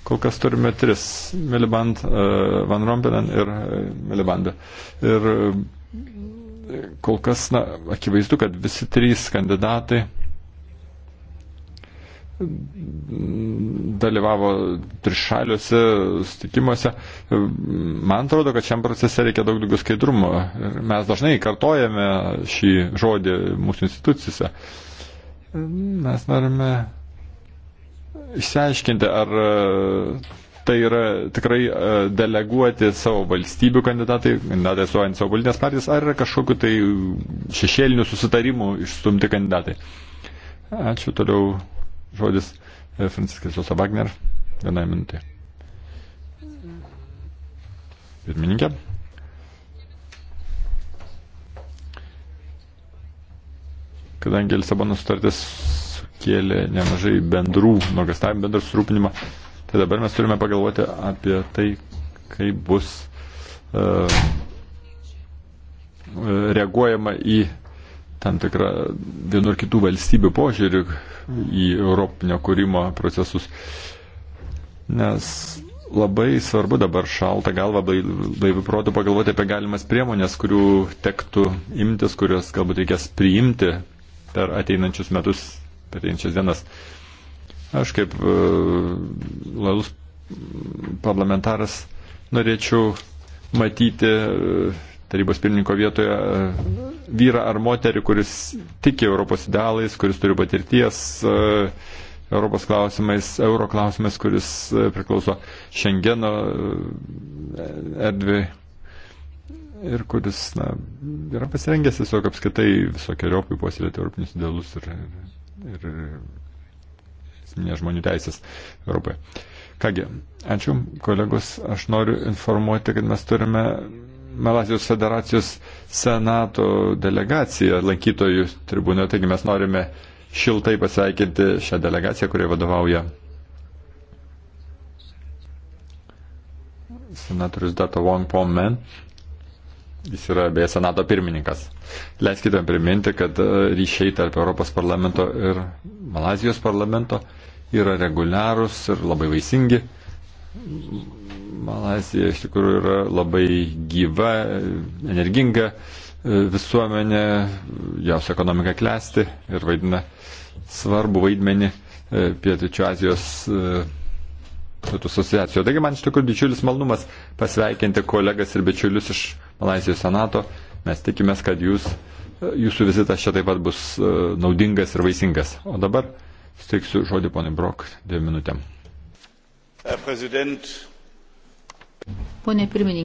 Kol kas turime tris - Miliband, e, Van Rompelen ir e, Milibandą. Ir e, kol kas, na, akivaizdu, kad visi trys kandidatai mm, dalyvavo trišaliuose stikimuose. Man atrodo, kad šiam procese reikia daug daugiau skaidrumo. Mes dažnai kartojame šį žodį mūsų institucijose. Mes norime išsiaiškinti, ar e, tai yra tikrai e, deleguoti savo valstybių kandidatai, kandidatai suojant savo politinės partijas, ar yra kažkokiu tai šešėlinių susitarimų išstumti kandidatai. Ačiū toliau žodis e, Franciskas Josa Wagner. Vienai minutė. Pirmininkė. Kadangi Lisabono sutartis kėlė nemažai bendrų nuogastavimų, bendrą surūpinimą. Tai dabar mes turime pagalvoti apie tai, kaip bus uh, reaguojama į tam tikrą vienų ir kitų valstybių požiūrį į Europinio kūrimo procesus. Nes labai svarbu dabar šaltą galvą blaivių protų pagalvoti apie galimas priemonės, kurių tektų imtis, kurios galbūt reikės priimti per ateinančius metus per einčias dienas. Aš kaip e, lalus parlamentaras norėčiau matyti e, tarybos pirmininko vietoje e, vyrą ar moterį, kuris tiki Europos idealais, kuris turi patirties Europos klausimais, euro klausimais, kuris priklauso Šengeno erdvė ir kuris na, yra pasirengęs tiesiog apskaitai visokiojo puoselėti europinius idealus ir, ir ir e, esminės žmonių teisės Europoje. Kągi, ačiū kolegos, aš noriu informuoti, kad mes turime Malasijos federacijos senato delegaciją lankytojų tribūnoje, taigi mes norime šiltai pasveikinti šią delegaciją, kuriai vadovauja senatorius Dato Wong Pom Men. Jis yra beje Senato pirmininkas. Leiskite priminti, kad e, ryšiai tarp Europos parlamento ir Malazijos parlamento yra reguliarūs ir labai vaisingi. Malazija iš tikrųjų yra labai gyva, energinga e, visuomenė, jos ekonomika klesti ir vaidina svarbu vaidmenį e, Pietričio Azijos Pietų asociacijoje. Taigi man iš tikrųjų didžiulis malnumas pasveikinti kolegas ir bičiulius iš Malaisijos senato. Mes tikimės, kad jūs, jūsų vizitas čia taip pat bus e, naudingas ir vaisingas. O dabar steiksiu žodį ponui Brok dviem minutėm. Pone pirmininkai.